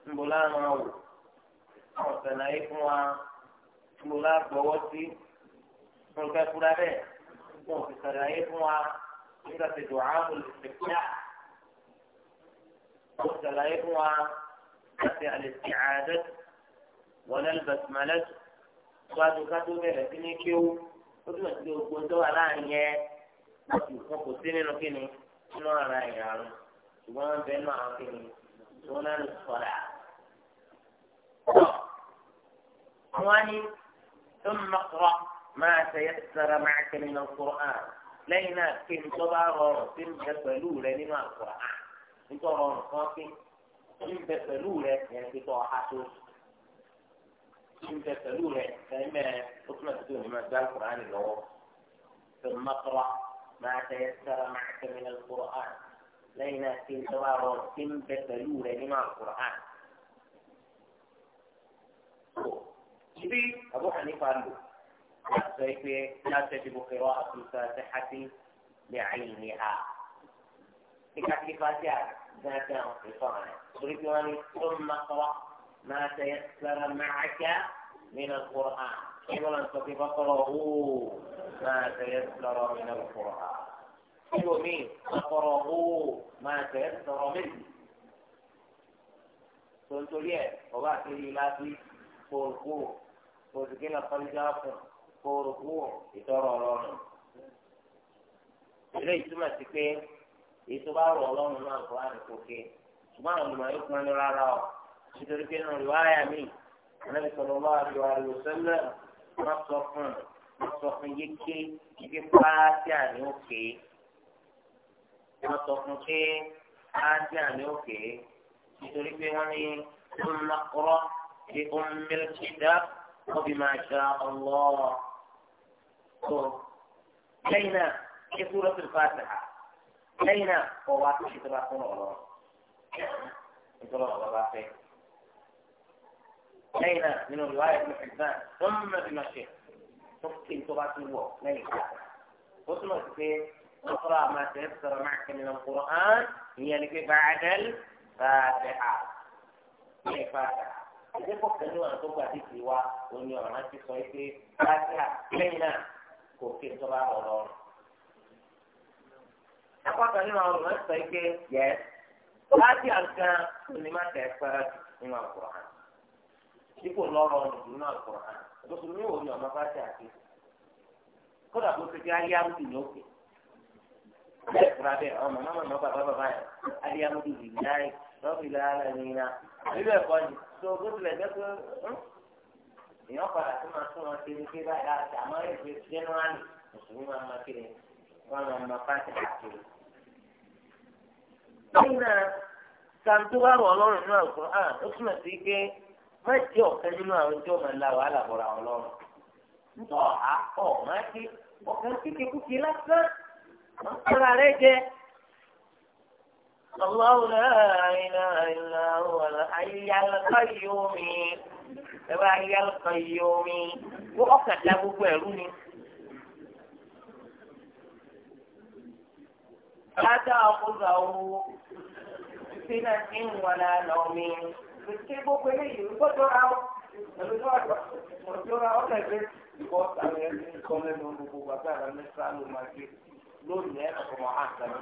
بلان أو مرسلة يسمع بلان بوسي مرسلة فلانة مرسلة يسمع إذا دعاء الاستفتاح مرسلة يسمع الاستعادة ونلبس ما نلبس síwájú ká tó bẹ̀rẹ̀ sí ní kéwú ó túmọ̀ sí gbogbo tó wà láàrin yẹn wọ́n ti kọ́ kò sí nínú kíni nínú ara ìyá rẹ̀ ṣùgbọ́n wọ́n bẹ̀rẹ̀ náà kíni kíni tó tó náà lè sọ̀rọ̀ à. wọ́n ní tó ń mọ̀kọ́rọ̀ máa tẹ̀yẹ́ sara máa kẹ́lẹ́ nínú kùrọ̀án lẹ́yìn náà kí n tó bá rọrùn sí ń bẹ pẹ̀lú rẹ nínú àkùrọ̀án nítorí rọrùn kan ki ń bẹ pẹ̀lú rẹ yẹn ti tọ́ ọ ń bẹ pẹ̀lú rẹ̀ ẹ̀mẹ́ ó túnbọ̀ tó ní máa gbá alukur'an lọ́wọ́ fún makara máa tẹ sára máa tẹ̀lé alukur'an lẹ́yìn náà ti ń tọ́wọ́ àrọ̀ ti ń bẹ pẹ̀lú rẹ̀ nínú alukur'an. ibi abu hanifa lò láti sọ pé láti ṣe bukirọ́ àtúntà ṣe hàtí lè àyìn ní ha. kíkà kíkà sí àgbàdàn ìfọ̀ràn torí pé wọ́n ní tó ń makara. ما تيسر معك من القرآن إذا أنت فقره ما تيسر من القرآن حلو مين فقره ما تيسر منه تنتوليه وبعد لا في فورقو فورقين الخليجة فورقو يترى لونه ilé ìtumọ̀ sí pé èyí tó bá rọ̀ ọlọ́run náà kọ́ àdìpọ̀ ké ṣùgbọ́n àwọn شتركين رواية من النبي صلى الله عليه وسلم مصفون مصفون يكي يكي فاتي عني اوكي مصفون كي فاتي عني اوكي شتركين رواية ثم اقرأ بأم الكتاب وبما شاء الله كينا في سورة الفاتحة كينا وواتي شتركون الله إن شاء الله الله ليلى من رواية ابن حبان ثم بمشيخ ممكن تبعت الوقت ليلى وثم في اقرأ ما تيسر معك من القرآن هي لك بعد الفاتحة هي الفاتحة إذا كنت أن تبقى في سوا وأن يرمى في صيفي فاتحة ليلى كنت تبع الأورور أقول أن الأورور صيفي يس فاتحة كان لما تيسر من القرآن ipò lọ́rọ̀ ọ̀dùnú náà kọ̀ hàn mùsùlùmí wo ni ọmọ bá ti àti kódà bó ti fi aliamudu ní òkè bẹ́ẹ̀ fúra bẹ́ẹ̀ ọmọ mọ́mọ́ mọ́ bàbá bàbá yẹn aliamudu lè náì lọ́ọ̀fì lára ní iná níbẹ̀ kọ́ ni tó bó tilẹ̀ jẹ́ pé hmm? èèyàn padà tó máa tún wọn ṣe ní pé báyìí àti àmọ́ ẹgbẹ́ jẹ́nuwálì mùsùlùmí máa ma kiri wọn máa ma bá ti àti. lẹ́yìn náà sàǹtó wà rọ̀ ọlọ́run náà kọ́ ó túmọ̀ sí pé má jẹ́ ọ̀kan nínú àwọn tí ó máa la wàhálà bọ̀rọ̀ àwọn lọ́rùn nítorí ọ̀há ọ̀ máa ti ọ̀kan kékeré kúkì lásán máa kọ́ra rẹ jẹ. الله لا إله إلا هو الحي القيوم الحي القيوم وأكد له بيروني لا تأخذه سنة ولا نوم kí gbogbo eléyìí ń gbọ́dọ̀ ra ọ ẹlòmíràn àgbà ọjọ́ ra ọ̀nà ẹgbẹ́ ìwọ àwọn ẹni kan lẹ́nu gbogbo bàbá àrà mẹ́ta ló máa gbé lónìí ẹ̀ ọ̀pọ̀ mọ́ àgbà mi.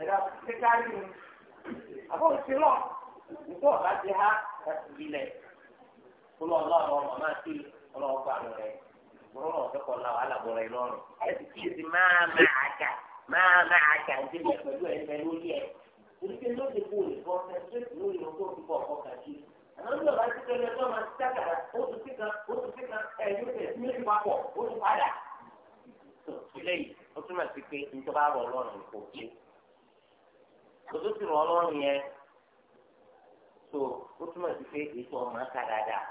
ẹ̀dá kíkà ní àbọ̀ òṣèlú nígbà ọ̀la ti há láti ilẹ̀ kúlọ̀ ọlọ́run ọmọ máa ti ọlọ́run gbà lọ́rẹ́ ìgbọ́rọ̀ ọ̀dọ́kọ̀ la wàhálà bọ̀rọ̀ ẹ̀ lọ́rùn. ẹ ti kí torí pé lóde kó lè bọ kẹsíkì lórí ohun tó ti bọ ọkọ kàjí àwọn ọmọ ìbá ti tẹ́lẹ̀ tó máa ti dákàrà ó ti sí kan ó ti sí kan papọ̀ ó padà. lẹ́yìn ó túmọ̀ sí pé nítorí àrò ọlọ́run kò pé kò tó ti rọ ọlọ́run yẹn tó ó túmọ̀ sí pé ètò ọmọ ká dáadáa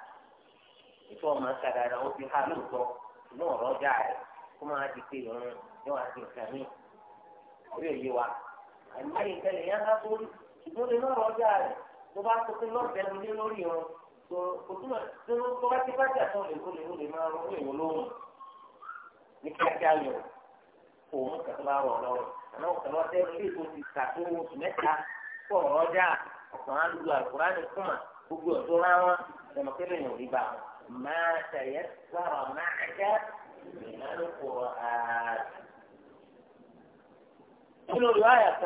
ètò ọmọ dáadáa ó ti há lóòótọ́ rẹ̀ kó máa ti àìmọye ìtẹ̀lẹ̀ yẹn ká tó rí ṣùgbọ́n lè má tó bá tó pé lọ́ọ̀dẹ́ mi lé lórí ọ kò túmọ̀ tó bá ti bá jà tán lè lè lè máa rọ owó lóhùn ní kíákíá yọ òun kàtó bá rọ lọ́rọ̀ àná ọ̀sán ọ̀sẹ̀ ilé tó ti ṣàtó oṣù mẹ́ta pọ̀ ọjà ọ̀sán á lu àkùránì kùmà gbogbo ọ̀tún ráwọn ẹ̀mọ̀kẹ́lẹ̀ yóò rí bá máa ṣàyẹ̀ sọ̀rọ̀ máa ká ìlànà كل رواية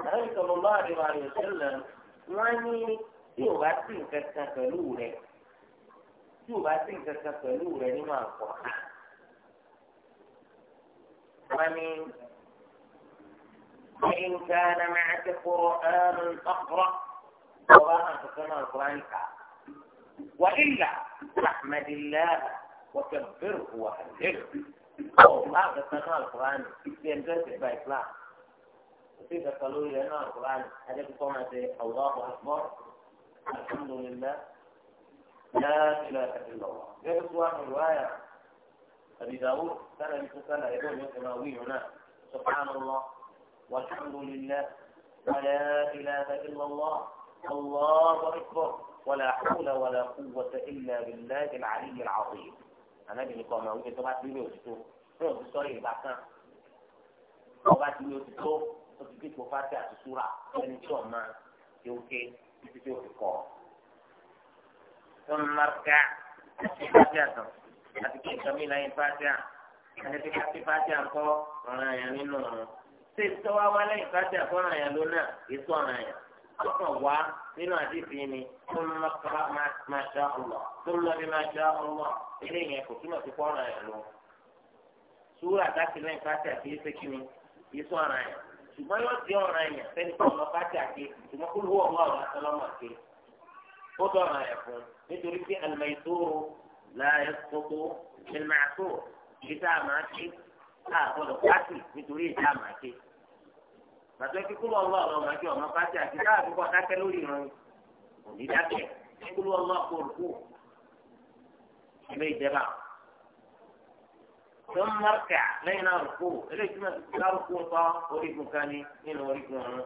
النبي صلى الله عليه وسلم ماني يو باتين كتا كلورة يو باتين كتا كلورة لما قرأ ماني إن كان معك قرآن أقرأ قرآن فكما القرآن وإلا أحمد الله وكبره وهلله الله فكما القرآن يمتلك بإخلاص في قالوا لي أنا القرآن هذيك قومة الله أكبر الحمد لله لا إله إلا الله غير سواء الرواية أبي داود كان يتسلى يقول يتناوي هنا سبحان الله والحمد لله ولا إله إلا الله الله أكبر ولا حول ولا قوة إلا بالله العلي العظيم أنا بني قوم أقول لك تبعت لي وتشوف بعد كان تبعت لي وتشوف ó ti dípò fati àti súra ẹni tí ọ̀ma ti ó ké títí tí ó fi kọ́ ọmọmarika àti fati àtàn àti kí ìkàmì náà yẹn fati à ẹni tí káfí fati à ń kọ́ ọ̀ràn yẹn nínú ọ̀run ṣé tọ́wá wá lẹ́yìn fati àkọ́ràn yẹn lónà èso ọ̀ràn yẹn ọkàn wá nínú àdìsí ni ọmọmarika máa ṣá ọlọ tó ń máa ṣá ọlọ eléyìí yẹn lọ súra ṣùgbọ́n yóò di ọ̀ràn yẹn fẹ́ni tó ọmọ bá ti àgbẹ̀ ṣùgbọ́n kó lówó ọmọ àwọn asọ́lọ́mọ àti ó tó ọ̀ràn yẹn fún nítorí pé àlùmọ̀ẹ́sọ́rọ̀ láàyè kókó ìlmàṣọ́ ìdá àmà ké káàbọ̀dọ̀ pátì nítorí ìdá àmà ké pàtó ẹbí kó lọ́wọ́ ọ̀rọ̀ ọmọ àti ọmọ pátì àti káàbí kọ́ dákẹ́ lórí ìrìn òní dákẹ́ kó lọ́wọ́ ọmọ ثم اركع لين ركوع ليش ما لا ركوع طا أريد مكاني إن أريد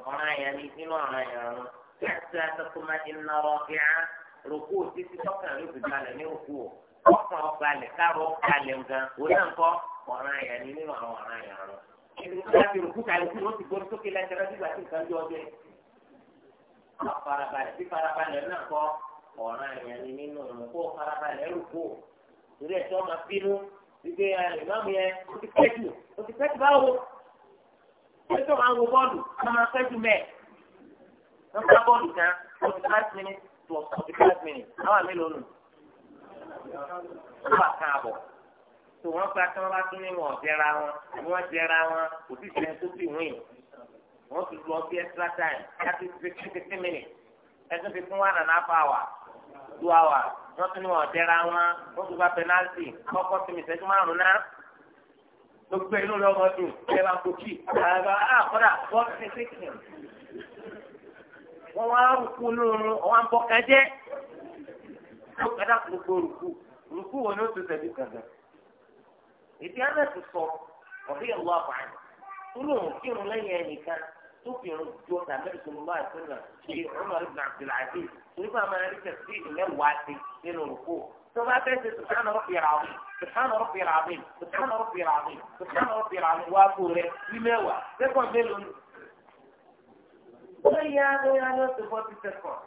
أنا يعني إن أنا يعني حتى تطمئن راكعا ركوع تتوقع ركوع بالي ركوع ọkàn balẹ̀ káàrọ̀ balẹ̀ nǹkan òun náà kọ́ ọ̀ràn àyà ni nínú àwọn ọ̀ràn àyà rẹ̀. ìrìnkà ti rò kúta lókè ló ti gbórí sókè lẹ́sẹ̀ rẹ̀ nígbà tí nǹkan jọ bẹ́ẹ̀. wọ́n farabalẹ̀ bí farabalẹ̀ náà kọ́ àyà ni nínú òun kó farabalẹ̀ rò kó. ìrẹ́ tí wọ́n máa bínú ìgbé ìmáàmù yẹn ó ti pẹ́ jù ó ti pẹ́ jù báwo ṣé tó máa ń wo bọ́ọ̀lù ká máa pẹ́ jù mẹ́ẹ̀ wọ́n ká bọ́ọ̀lù kan forty five minutes plus forty five minutes àwọn mélòó nù wọ́n bá kan àbọ̀ tó wọ́n gba tí wọ́n bá tún ní wọn jẹra wọn ni wọ́n jẹra wọn kò sì jẹun tó sì wìn wọ́n ti lọ bí extra time láti fifty minutes ẹ̀sùn fi fún one and a half hour two hours wọ́n tún ní wọ́n dẹ́ra wọn wọ́n tún gba pẹ́náltì kọ́kọ́ sí mi sẹ́jú márùn náà gbogbo inú rẹ̀ ọmọ dùn ẹ bá gòkì àgbà àkọ́dà wọ́n ti ṣe kì í. wọ́n wá rúkú lóorun wọ́n bọ́ kẹjẹ́ ó kẹjá gbogbo rúkú rúkú wo ni ó ti sẹ́jú kankan. ìdí ẹ̀rọ ti sọ ọ̀bí ẹ̀wọ́ àbáyé tó lóun kírun lẹ́yìn ẹnìkan tókìrún ju ọ̀tà mẹ́rin tó ń bá ẹ̀sìn náà ṣe ọ̀rọ̀ àbdùlàdé torí bá a máa rí tẹ̀sí ìlẹ́wàá ti nínú rúkú tó bá fẹ́ ṣe subhana rabbiyal azim subhana rabbiyal azim subhana rabbiyal azim subhana rabbiyal azim wá kú rẹ ní mẹ́wàá sẹ́kọ̀n mélòó ni. ó yá ló yá ló ti fọ́ ti sẹ́kọ̀n.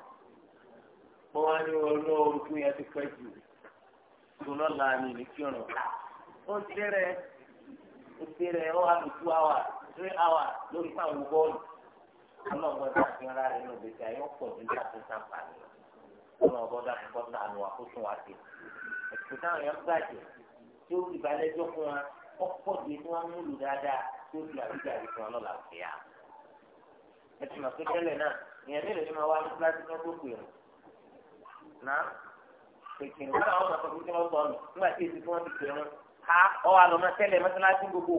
mo wá ní olú orúkú yẹn ti pẹ́ jù tó lọ́la mi ní kí ọ̀rọ̀ ká. ó tẹ́rẹ̀ ó tẹ́rẹ̀ ó wà ní two hours three hours lórí fáwọn bọ́ọ̀lù. ọlọ́gbọ́n tó àfihàn rẹ̀ nù gbèsè ayé ọ̀pọ̀ nígbà tó sàǹfààní lọ. ọlọ́run bọ́ dà kọ́ àkóso wa sí. ẹ̀sìn táwọn tí fún wa ọ̀pọ̀ di tí ha múlù dáadáa tí ó fi fún ọlọ́lá sí i. ẹ̀sìn màkì tẹ́lẹ̀ náà ìyẹn nílò ní ma wá ní kíláàsì tó wọn àwọn ọmọ nígbà tí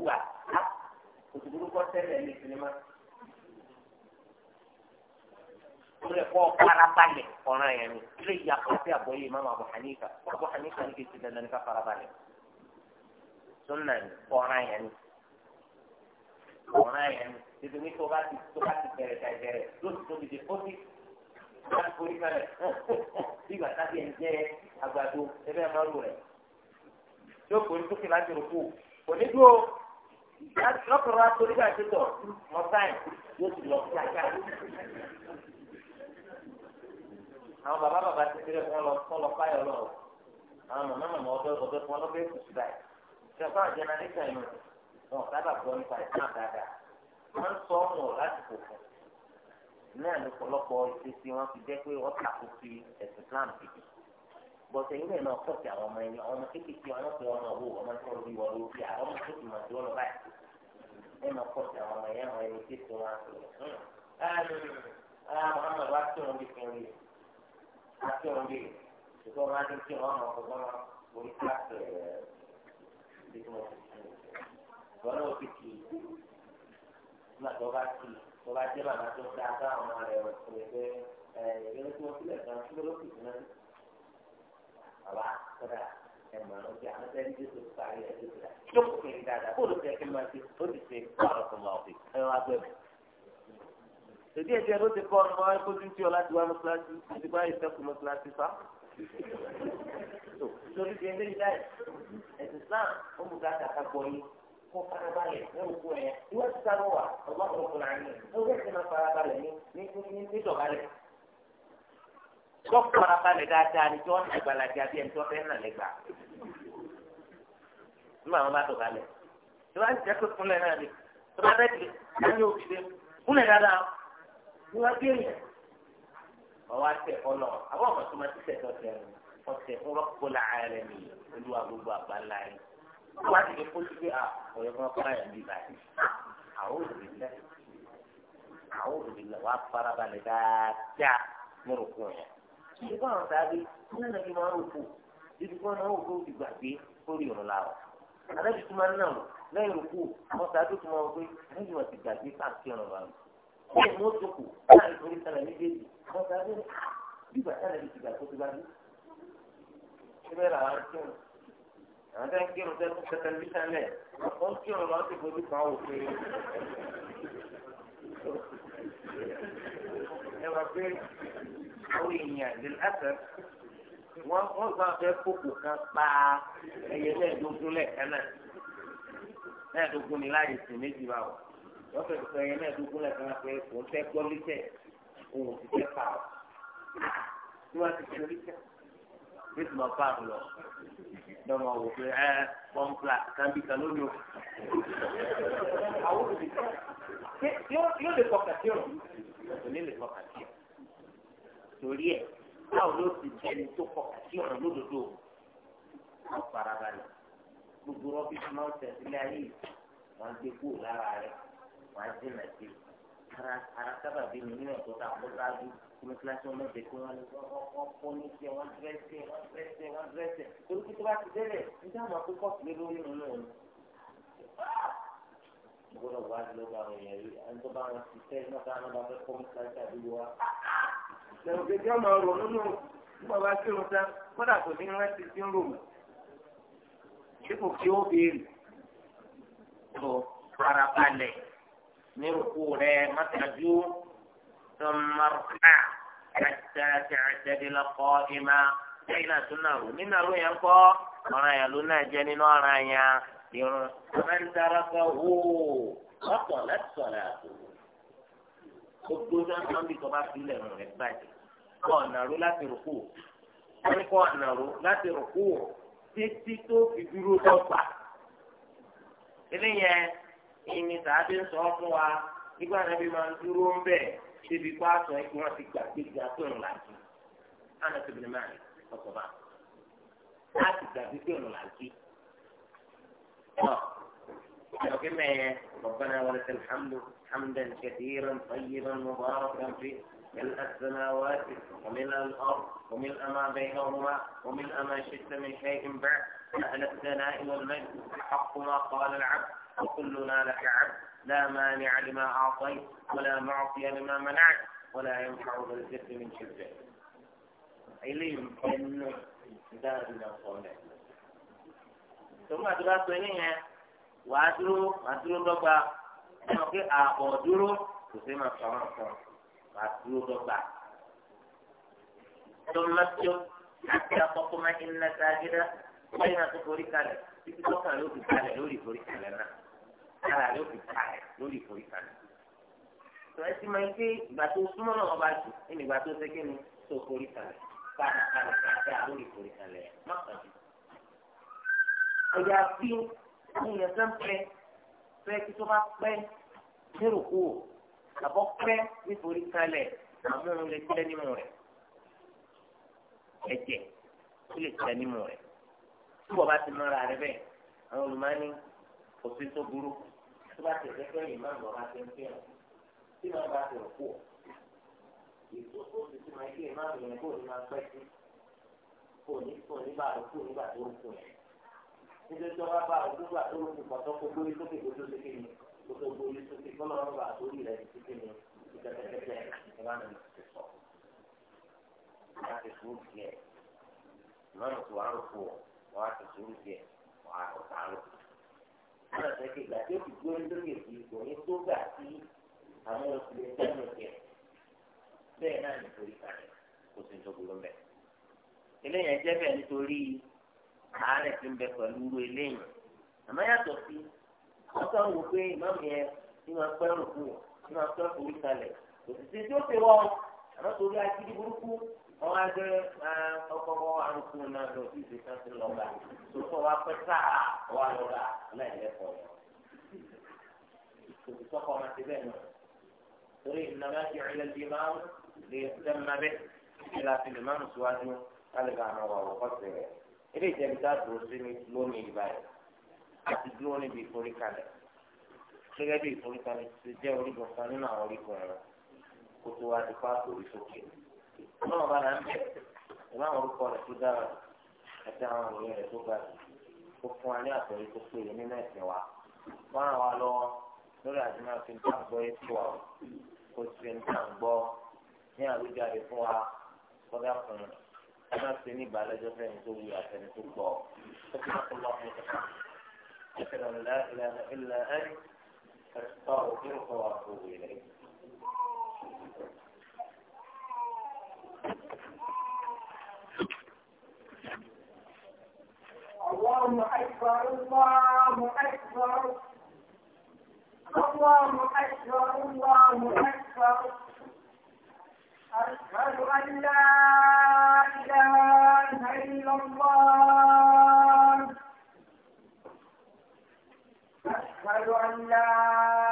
ha rẹ̀ kọ́ farabalẹ̀ ọ̀ràn yẹn ni ilé ìyàpọ̀ sí àbọ̀yé Imam Abu Hanifa Abu Hanifa ní kejì dandan ní ká farabalẹ̀ sunna ni ọ̀ràn yẹn ni ọ̀ràn yẹn ni tètè ní tó bá ti tó bá ti bẹ̀rẹ̀ ta ìbẹ̀rẹ̀ lóṣù tó ti di fóbi láti forí kalẹ̀ bí ìgbà tá a ti ń jẹ àgbàdo ẹgbẹ́ máa lò rẹ̀ tí ó forí sókè láti rò kú kò ní dúró lọ́kùnrin wa torí bá a tọ̀ mọ́táì àwọn bàbá bàbá ti tẹ́lẹ̀ fún ọlọ fún ọlọ fáyọ̀ lọ àwọn màmá màmá ọdọ ọdọ fún ọlọ bẹ́ẹ̀ kùsù báyìí ṣẹfà jẹnẹrétà yìí wọn sábà gbọ́ nípa ìtàn dáadáa wọn sọ ọmọ láti kò fún náà ní pọ̀lọpọ̀ ìṣesí wọn fi jẹ́ pé ọta kò fi ẹ̀sìn Islam kìkì bọ̀sẹ̀ ilé náà pọ̀ sí àwọn ọmọ ẹni ọmọ kékeré wọn lọ́sẹ̀ ọmọ owó ọmọ tó rí wọn lórí àwọn ọmọ tó ti mọ̀ sí wọn lọ báyìí ẹ máa pọ̀ sí àwọn ọmọ ẹ̀yà ọmọ ẹni tí tó wọn sọ̀rọ̀ àti ọ̀rọ̀ bíi ṣùgbọ́n máa ní kí wọ́n mọ̀ ọ̀gbọ́n orí káàkiri rẹ̀ bí wọ́n ti kí wọ́n náà ti kì í nígbà tó bá kì í tó bá jẹ́ bàbá tó dá bá ọmọ rẹ̀ rẹ̀ pé ẹ̀ ẹ̀rọ tí wọ́n sílẹ̀ kan kí ló kì í náà bàbá kọ́dà ẹ̀ mọ̀ ọ́n ti àwọn ẹni tó ti parí ẹ̀ tó ti rà yóò kéré dáadáa kó ló fẹ́ kí n máa ti ó ti ṣe kó àrọ̀ fún wa ọ̀fẹ́ ẹ wá gbẹ̀mí èdè ẹ̀jẹ̀ ló ti kọ́ ọ́n mọ́ ẹ̀kọ́jú tí ọlá ti wá mọ́ṣáláṣí àti bá ìṣẹ́kù mọ́ṣáláṣí fa. lórí ti ẹgbẹ́ ìdá ẹ̀sìn Islam ó mú káàkiri àkàkọ́ yìí kó farabalẹ̀ ní òkú ẹ̀ ìwé ti sáré wà ọgbà ọkùnrin àní ẹgbẹ́ ti máa farabalẹ̀ ní ní nídọ̀balẹ̀. tó farabalẹ̀ dáadáa ni tó ń àgbàlagbé àbí ẹni tó fẹ́ nà lẹ́gbà. nígbà wọn bá dọ̀balẹ̀ tó bá ń jẹ́ pé kúnlẹ̀ náà ni tó bá rẹ̀ ni wọ́n gé yẹn ọwọ́ àtẹ ọlọ àwọn ọmọ tó máa ti tẹ̀ tọ́tẹ̀ ọ̀tẹ̀ ńlọ́pọ̀ làárẹ̀ mi olúwa gbogbo àgbáńlá yẹn wọ́n á ti lè kóso pé ah, ọ̀yọ́ kan fáyà bí báyìí àwọn òbílẹ̀ àwọn òbílẹ̀ wàá farabalẹ̀ dáadáa ní òkú yẹn ṣé báwọn sáábì ní ẹnìyàn ni wọ́n ń kú ibi tí wọ́n náà ń kú ìgbàgbé lórí ìrùn làwọn àdájọ́ tó máa ń náà lẹ́yìn òkú àwọn sáábì tó máa ń gbé lẹ́yìn wọn ti gbàgbé pàṣẹ ọ̀rọ̀ báyìí bẹ́ẹ̀ ni ó jókòó láàrin orí sára méjèèjì àwọn sára ah, méjèèjì bíbà sára méjèèjì gbà tó ti bá dé. ṣẹlẹ̀ là wọn kírun àwọn tẹ́ ń kírun tẹ́ ń tẹ́ tẹlifíṣàn lẹ̀ ó ń kírun lọ́wọ́ ti fojú kan wò pé ẹ wà pé àwọn èèyàn lè lásẹ̀ wọ́n wọ́n gbà fẹ́ kókò kan pa ẹyẹ lẹ́ẹ̀dógún lẹ́ẹ̀kan náà lẹ́ẹ̀dógún ni láyé sí méjì báwọ̀ wọ́n fẹ́ sọ ẹyẹ mẹ́ẹ̀ẹ́dógún lẹ́ẹ̀kan náà pé òun fẹ́ gbọ́ lítẹ̀ òun ò sì fẹ́ pa ọ́ tí wọ́n ti fi lítẹ̀ bí tí mo bá a lọ lọ́mọ wò pé ẹ pọ́ńpla kàbí kan ló lò àwọn òbí yóò lè kọkà sí ọ̀rọ̀ kò ní lè kọkà sí ọ̀rọ̀ torí ẹ̀ báwo ló ti jẹ́ni tó kọkà sí ọ̀rọ̀ lódodo wọ́n farabalẹ̀ gbogbo rọ́bì tí wọ́n tẹ̀sílẹ̀ ayé wọ́n gbé kúrò lára rẹ̀ wàá dènà sí ara ara sábà bí mi nínú ẹ̀kọ́ tá a kó sáájú inú kíláàsì wọn lọ́dẹ pé wọ́n wọ́n kọ́ ní tiẹ̀ wọ́n dírẹ́sì wọ́n dírẹ́sì wọ́n dírẹ́sì torí tó bá ti délẹ̀ ní táwọn akókò sílé lórí nínú òun. gbọ́dọ̀ wá ló bá wọn yẹn rí àwọn tó bá wọn ti tẹ́ iná bá wọn bá fẹ́ kọ́ ní kíláàsì àdúgbò wa. lẹ́nu kejì ọmọ rò nínú ní rúkú rẹ̀ mọ́tàdú tọmọrùkà ẹ̀ta tẹ̀tẹ̀dínlá kọ́ ìmá lẹ́yìn náà tún náà rò nínú àrùn yẹn kọ́ ọ̀ràn yẹn ló náà jẹ́ nínú ọ̀ràn yẹn irun ọ̀ràn dára kọ́ wó ọ̀pọ̀ láti sọ̀rọ̀ àtò gbogbo sọ́nà bí kò bá filẹ̀ rẹ̀ bàjẹ́ kọ́ ọ̀nà láti rúkú wọ́n ní kọ́ láti rúkú títí tó fi dúró dọ́gba eléyẹn. ìní sàábí ń sọ fún wa nígbà nàbí máa ń dúró ń bẹ̀ síbi kó àtọ̀ ẹ̀kú wọn ti gbà gbé ìgbà tó ń làjú àná tó bìnrin máa ọ̀sọ̀ bá láti gbà gbé tó ń làjú. وكما ربنا ولك الحمد حمدا كثيرا طيبا مباركا فيه ملء السماوات وملء الأرض وملء ما بينهما وملء ما شئت من شيء بعد أهل الثناء والمجد حق ما قال العبد وكلنا لك عبد لا مانع لما أعطيت ولا معطي لما منعت ولا ينفع ذا الجد من شده إليهم أنه دار من ثم أدرى سنية وأدرو أدرو بقى أوكي أدرو تسمى صلاة أدرو بقى ثم اسجد حتى تطمئن ساجدا بين تفوري كالك تفوري كالك لوري فوري كالك ara rẹ̀ ó fi ká ẹ̀ lórí ìforí kan. sọ ẹ ti máa ń pé ìgbà tó súnmọ́ náà ọba jù ẹni ìgbà tó ṣe kí ni tó forí kan rẹ̀ káàdà káàdà káàdà lórí ìforí kan rẹ̀ má kàn jù. ọ̀yà fi àwọn èèyàn sẹ́ ń pẹ́ pẹ́ kí tó bá pẹ́ nírò kú o àbọ̀ pẹ́ níforí kan rẹ̀ àmúhun lè tẹ́ nímú rẹ̀ ẹ̀jẹ̀ ó lè tẹ́ nímú rẹ̀ tí wọ́n bá ti mọ́ra rẹ̀ bẹ́ẹ̀ àwọn olùmọ́ni kò sí tó burú tó bá tẹ̀lé pé ìmáàmù ọba ti ń fi hàn tí wọ́n bá ti rọ̀pò ètò tó ti ti máa gbé ìmáàmù yẹn kó ní máa pẹ́ sí kò ní kò ní bá rọ̀pò nígbà tó rọ̀pò yẹn nítorí tó bá bá rọ̀pò nígbà tó rọ̀pò pọ̀ tó kó gbórí sókè kó tó lékè ni kó tó gbórí sókè kó lọ́wọ́ bá àtórí rẹ̀ ti tètè ni ìtẹ̀tẹ̀tẹ̀tẹ̀ ìmáàmù yẹn ti sọ láti sùúrù díẹ̀ ìmáàmù tó wà náà fẹ́ kí ìgbà tí ó ti gbé lórí èdè ìgbò ní tó gbà sí àwọn òṣèlú sẹ́nu jẹ bẹ́ẹ̀ náà nítorí kàlẹ́ kò sí ìṣòkòrò mẹ́. eléyàn jẹ́ bẹ́ẹ̀ nítorí àárẹ̀ ti ń bẹ pẹ̀lú eléyàn àmọ́ yàtọ̀ sí wọ́n kàn wò pé ìmáàmù yẹn ní wọn pẹ́ rò fún wọn ní wọn pẹ́ forí kalẹ̀ kò sì sí tí ó ti wọ́n àmọ́ torí agídí burúkú wọn á gbé eh, ọkọọkọ arúgbó náà lọ sí ìdè kan sí lọgbà sọfọ wa pẹ sáà wà lọgbà láì lẹkọọ yẹn òkú sọkọ ọmọ ti bẹ́ẹ̀ náà torí ìnáwó àti ìrìnlẹ̀ bíi máa ń lè tẹ́ mọ́ bẹ́ẹ̀ ìlà fi lè má mú síwájú kálí bá àwọn ọ̀rọ̀ kọ́sẹ̀ rẹ̀ ilé ìjẹbi tá a dúró sí ni lónìí ìbáyìí àti dúró níbi ìforíkalẹ̀ gẹ́gẹ́ bí ìforíkalẹ̀ ti jẹ́ orígun kan nínú àwọn orígun ẹ̀rọ ọlọ́run bá náà ń bẹ̀ ìmọ̀ àwọn orúkọ rẹ̀ tó dára àti àwọn ìròyìn rẹ̀ tó ga kó fún wa ní àpẹẹrẹ tó péye nínú ẹ̀sìn wa wọ́n ràn wá lọ́wọ́ lórí àdúrà fi dá gbọ́ ètò wa kó sì ń dá gbọ́ ní àwíjàre fún wa kọ́dà fún un ẹ má ṣe ní ìbálẹ́jọ́ fẹ́ni tó wù àtẹni tó gbọ́ ó fi máa kó lọ́ fún un أشهد أن لا إله إلا أنت أستغفرك وأتوب إليك الله أكبر الله أكبر الله أكبر الله أكبر أشهد أن لا إله إلا الله أشهد أن لا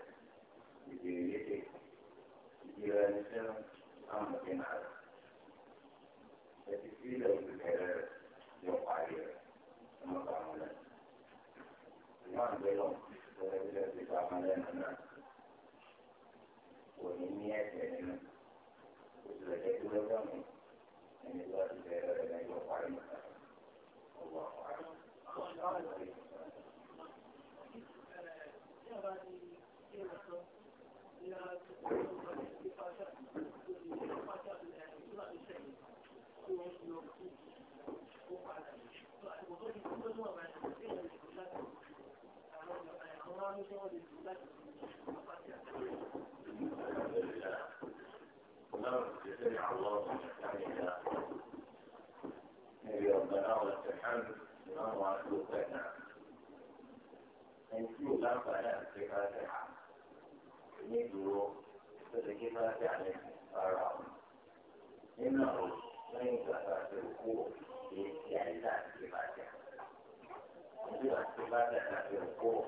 máa ń bẹ lọ́wọ́. سمع الله حمدا نبي ربنا ولك الحمد لما وعدتنا نسيو لا فلا فاتحة نجرو فتكي فاتحة فارعون إنه من كفر الركوع يستعد فاتحة نجرو فاتحة في الركوع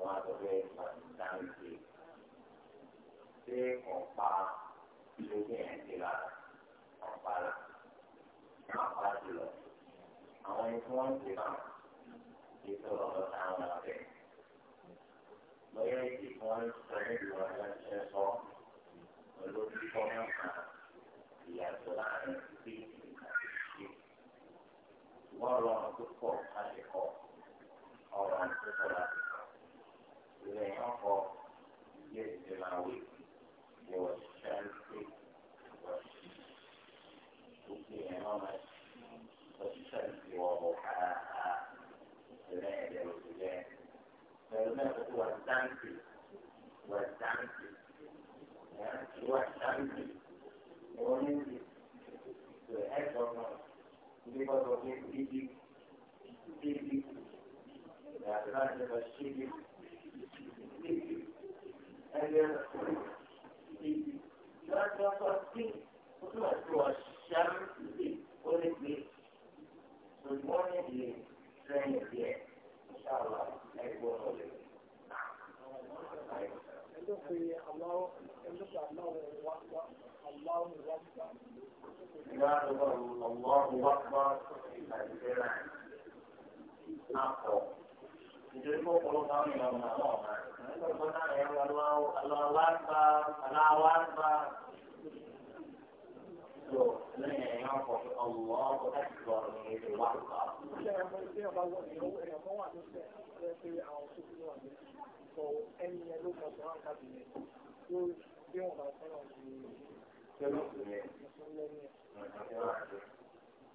wọn á sọ ṣé ọ̀pá ló ní ẹ̀jẹ̀ ọ̀pá rẹ̀ ọ̀pá jùlọ àwọn ẹni tí wọ́n ń ṣe náà kì í sọ̀rọ̀ lọ́ta ìdí tí wọ́n ń sọ nílùú ọ̀rẹ́ sọ olójú kọ́ mọ́ta ìyàtọ̀ láàrin títí ìgbà tó ṣe wọ́n rọrùn tó pọ̀ ká kọ́ yẹ ìdílé àwẹ̀ wọ ṣáàtì wọ sí gbogbo yẹn wọn máa wọ ṣáàtì wọ bọ̀ káàkà ìṣẹ̀lẹ̀ ẹ̀dẹ̀ òṣèlẹ̀ pẹ̀lú náà kókó wọ ṣáàtì wọ ṣáàtì wọ ṣáàtì wọ́n ní ìṣẹ̀lẹ̀ ẹ̀dọ̀ náà ilé bọ́dọ̀ ní bíbí bíbí ìyàtọ̀ láti lọ sí bíbí and then the Lord also speaks to us to a shadow to see what it means. So the morning is train at the end. Inshallah, everyone will live. الله أكبر الله أكبر أقوى nítorí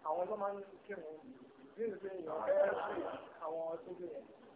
àwọn èèyàn ọ̀nà ń kírun bí ìgbésẹ̀ ìyàn ẹ́ ṣe àwọn ọtí bìrẹ̀.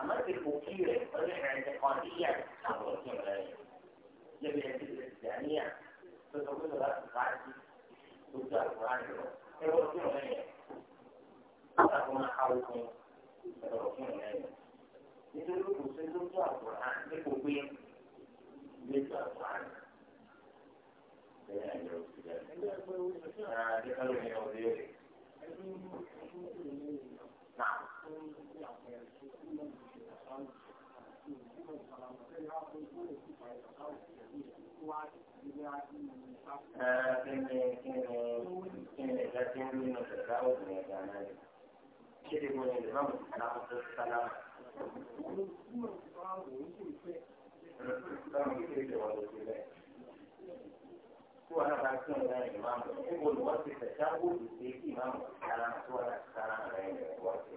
àmọ́ ti kò kí rẹ̀ pẹ̀lú ìrìnàjò kan níyà àwọn ọ̀sẹ̀ rẹ̀ lẹ́bi ẹ̀jẹ̀ rẹ̀ ti dà níyà tó sọ pé lọ́la ti ká sí lójú àkùrá rẹ̀ lọ ẹ̀rọ ọ̀sẹ̀ rẹ̀ yẹn lọ́la tó máa ká ogun ẹ̀rọ ọ̀sẹ̀ rẹ̀ yẹn nítorí kò sí lójú àkùrá nípò pé lójú àkùrá rẹ̀ lẹ́yìn àyẹ̀wò ti dà níyà. Tuwa na ba kí ọ̀la ìmáàmù, ó gbọ́dọ̀ wá sí ìtẹ̀síwájú sí ìmáàmù kára tó wà láti kára rẹ̀ wá sí.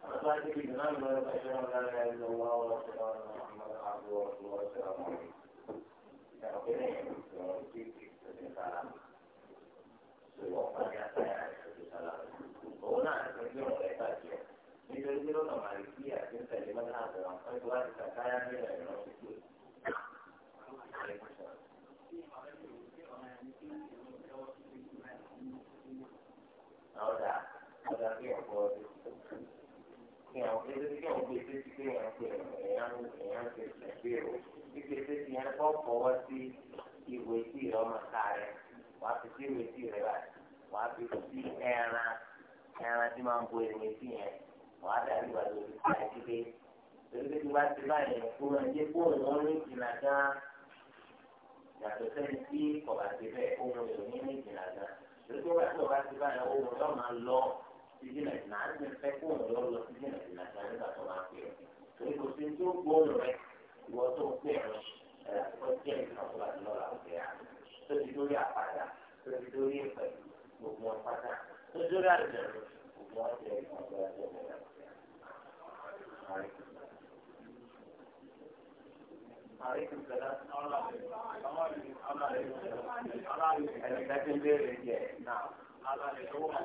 Ahora, ahora yàn ó lé kí àwọn gbèsè ti pé yàn pé èèyàn èèyàn ṣe ṣẹ̀gbé o bí gbèsè ti yàn kọ́ fọwọ́ sí ìwé tí ìrọ̀ máa ta rẹ̀ wàá fi sí ìwé tí rẹ̀ báyìí wàá fi sí ẹran ẹran tí máa ń bo ìwé tí yẹn wàá dàbí wàá lórí káyọ̀ kíkẹ́ torí yàtọ̀ sẹ́ni tí kọ̀bà ti bẹ́ẹ̀ òun ò ní ìjìnà gan torí pé wàá tí kọ̀bà ti báyìí òun yóò máa lọ 最近呢，男人在工作，有的事情呢，现在在做哪些？如果是做工作呢，我都会，呃，会介绍出来做哪些？是做研发的，是做一份目标发展，是做那些目标系统的工作的。哎，阿里这边阿拉，阿拉，阿拉，阿拉这边的店，那，阿拉的老板。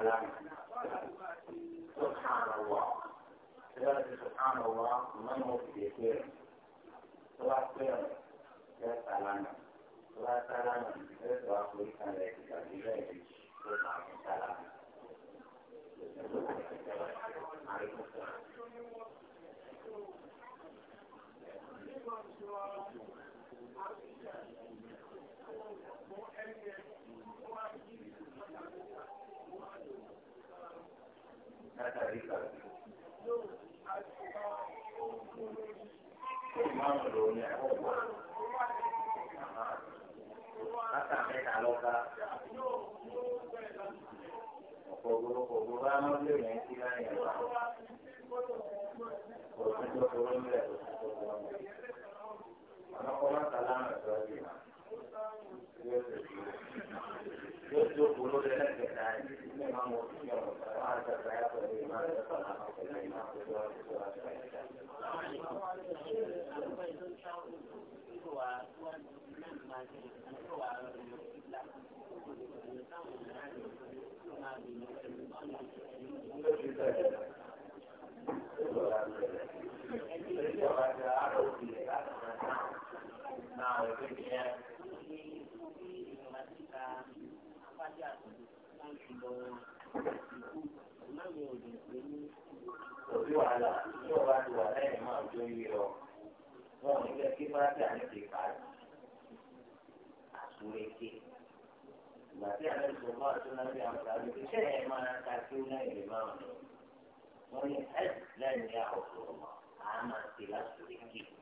العالم سبحان الله كذلك سبحان الله من هو في ذكر سواء سير يسألنا سواء سألنا يسوى خلقنا لك كذلك سبحان الله عليكم السلام lò ní àkókò látà mẹ́ta lọ́ka ọ̀pọ̀ gbogbo gbogbo amọ́lé yẹn ti láyé ẹ̀ka òtún tó kúrò ń bẹ̀ tó kúrò ń bẹ̀ ọ̀nà kọ́ máa tàlá àmọ̀ ẹ̀fọ́ ẹ̀dì mà yóò tó kúrò yóò tó kúrò lẹ́lẹ́kẹ̀ẹ́ta yìí ní ìmọ̀ àwọn òṣìṣẹ́ ọ̀sán wọn àti ọ̀sán yàtọ̀ ní ìmọ̀ àti ọ̀sán àmọ̀. Òbí wàhálà tí ọba ti wà lẹ́yìn máa ń jó yé ọ. Wọ́n ò ní jẹ́ kí bá dà ní ti pàdé. ويكي ما في على الله سنة في أمثال في شيء ما تأكلون الإمام ومن حد لن يا رسول الله عام اختلاف ويكي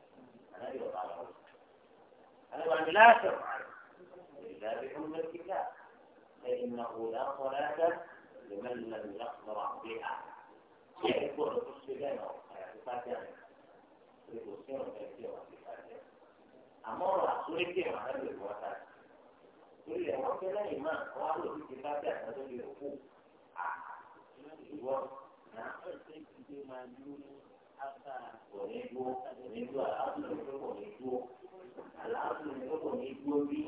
أنا يوضع له أنا وأنا لا تفعل إلا بحمل الكتاب فإنه لا صلاة لمن لم يقدر بها كيف يكون تسجنه فاتحة يكون سيرا فاتحة أمر أسوريكي معنى بالوسط torí ẹ̀ wọ́n fẹ́ lẹ́yìn máa wọ́n á lò títí bá bí àtàtọ́ lè kú. ìwọ náà kò ní dúró kò ní dúró aláàbò ní kò ní dúró aláàbò ní kò ní dúró bí.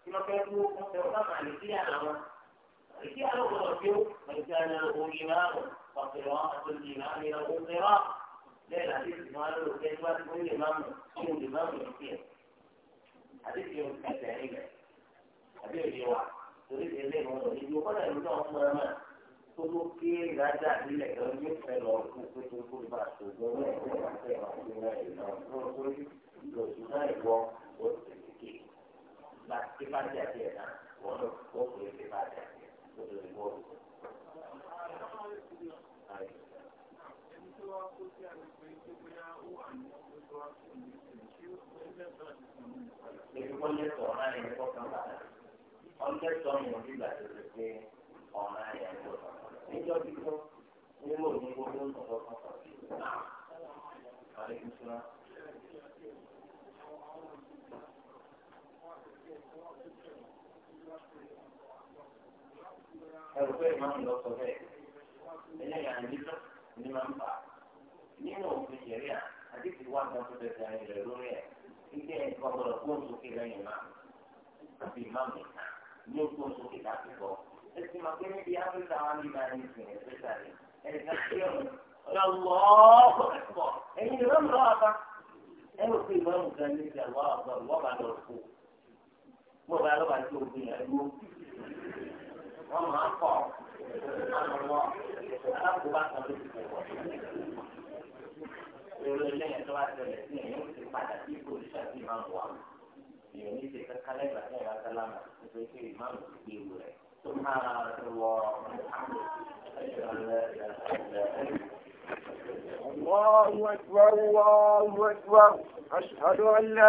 kí wọ́n fẹ́ dúró wọ́n fẹ́ bá màlì sí àwọn màlìkí àwọn ọ̀dọ́ tó màlìkí àwọn òye máa mọ̀ ọ̀pẹ̀rọ̀ àtòjì máa ní ọ̀pọ̀ mẹ́rọ̀ bẹ́ẹ̀ láti ìsìn wọn lò kẹ́ẹ́ bá tó lè máa mọ̀ kí wọ́n lè máa mọ̀ sí ẹ̀ àti ìsìn òkè àbí òye wa torí ilé wọn lọ ibi wọn lẹ́nu náà mọ ẹ náà tó ké ìrajà nílẹ̀ lọ ní ìfẹ́ lọ kó pé tó kó bá ṣògbọ́n náà ẹgbẹ́ wà fẹ́ wà fún náà ìlànà tó ń pè lòsù náà ìwọ ó ti ké bá ké bá jà díẹ̀ náà wọn lọ kó pé ké bá jà díẹ̀ tó lè wọ. Ìfipọ́lẹ́sọ̀ máa ń yẹ kọ́kàn bàtà ọjọ́ sọ̀rọ̀ wọn nígbà tó ti pé ọ̀ràn ayà ń bọ̀. níjọ́ bí fún nílò ní gbogbo ìtọ́jọ́ kan kan sí i. àlejò sọ́nà. ẹ̀rù pé ìmáàmù lọ sọ bẹ́ẹ̀ ẹlẹ́yà nílò ní máa ń bà nínú òfin ìṣẹ̀ríà àti ti wá nǹkan tó tẹ̀sán ilẹ̀ lórí ẹ̀ ilé ẹ̀kọ́ gbọ́dọ̀ fóònù sókè lẹ́yìn máa àti ìmáàmù ìta ní ojú oṣù kìlá ti bọ̀. ẹ sì mọ̀ pé níbi áfíríkà wọn ní máa ń sìn ẹ̀ pẹ́sà rẹ̀ ẹnì kan ṣe ọ̀run lọ́wọ́ ọ̀pọ̀ ẹ̀yin ìwé mi lọ́wọ́ bá ẹ ló fi ìwé mi gan ní ìjà wọ́n ọ̀gbọ́ wọ́n bá lọ kó mo bá lọ́ba tí òògùn yẹn ló wọ́n máa ń pọ̀ àmọ́ aláàbò bá kan ló ti pọ̀ wọ̀ èrò ilé yẹn tó wá tẹ̀lé sí ẹ̀yìn ó ti padà sí ìpòlíṣà sí ìmáàmù wa èèyàn ní ṣe kankan lẹ́gbàá ní ìlà sálámà nítorí pé ìmáàmù ti gbé ewu rẹ̀ tó máa wọ الله أكبر الله أكبر أشهد أن لا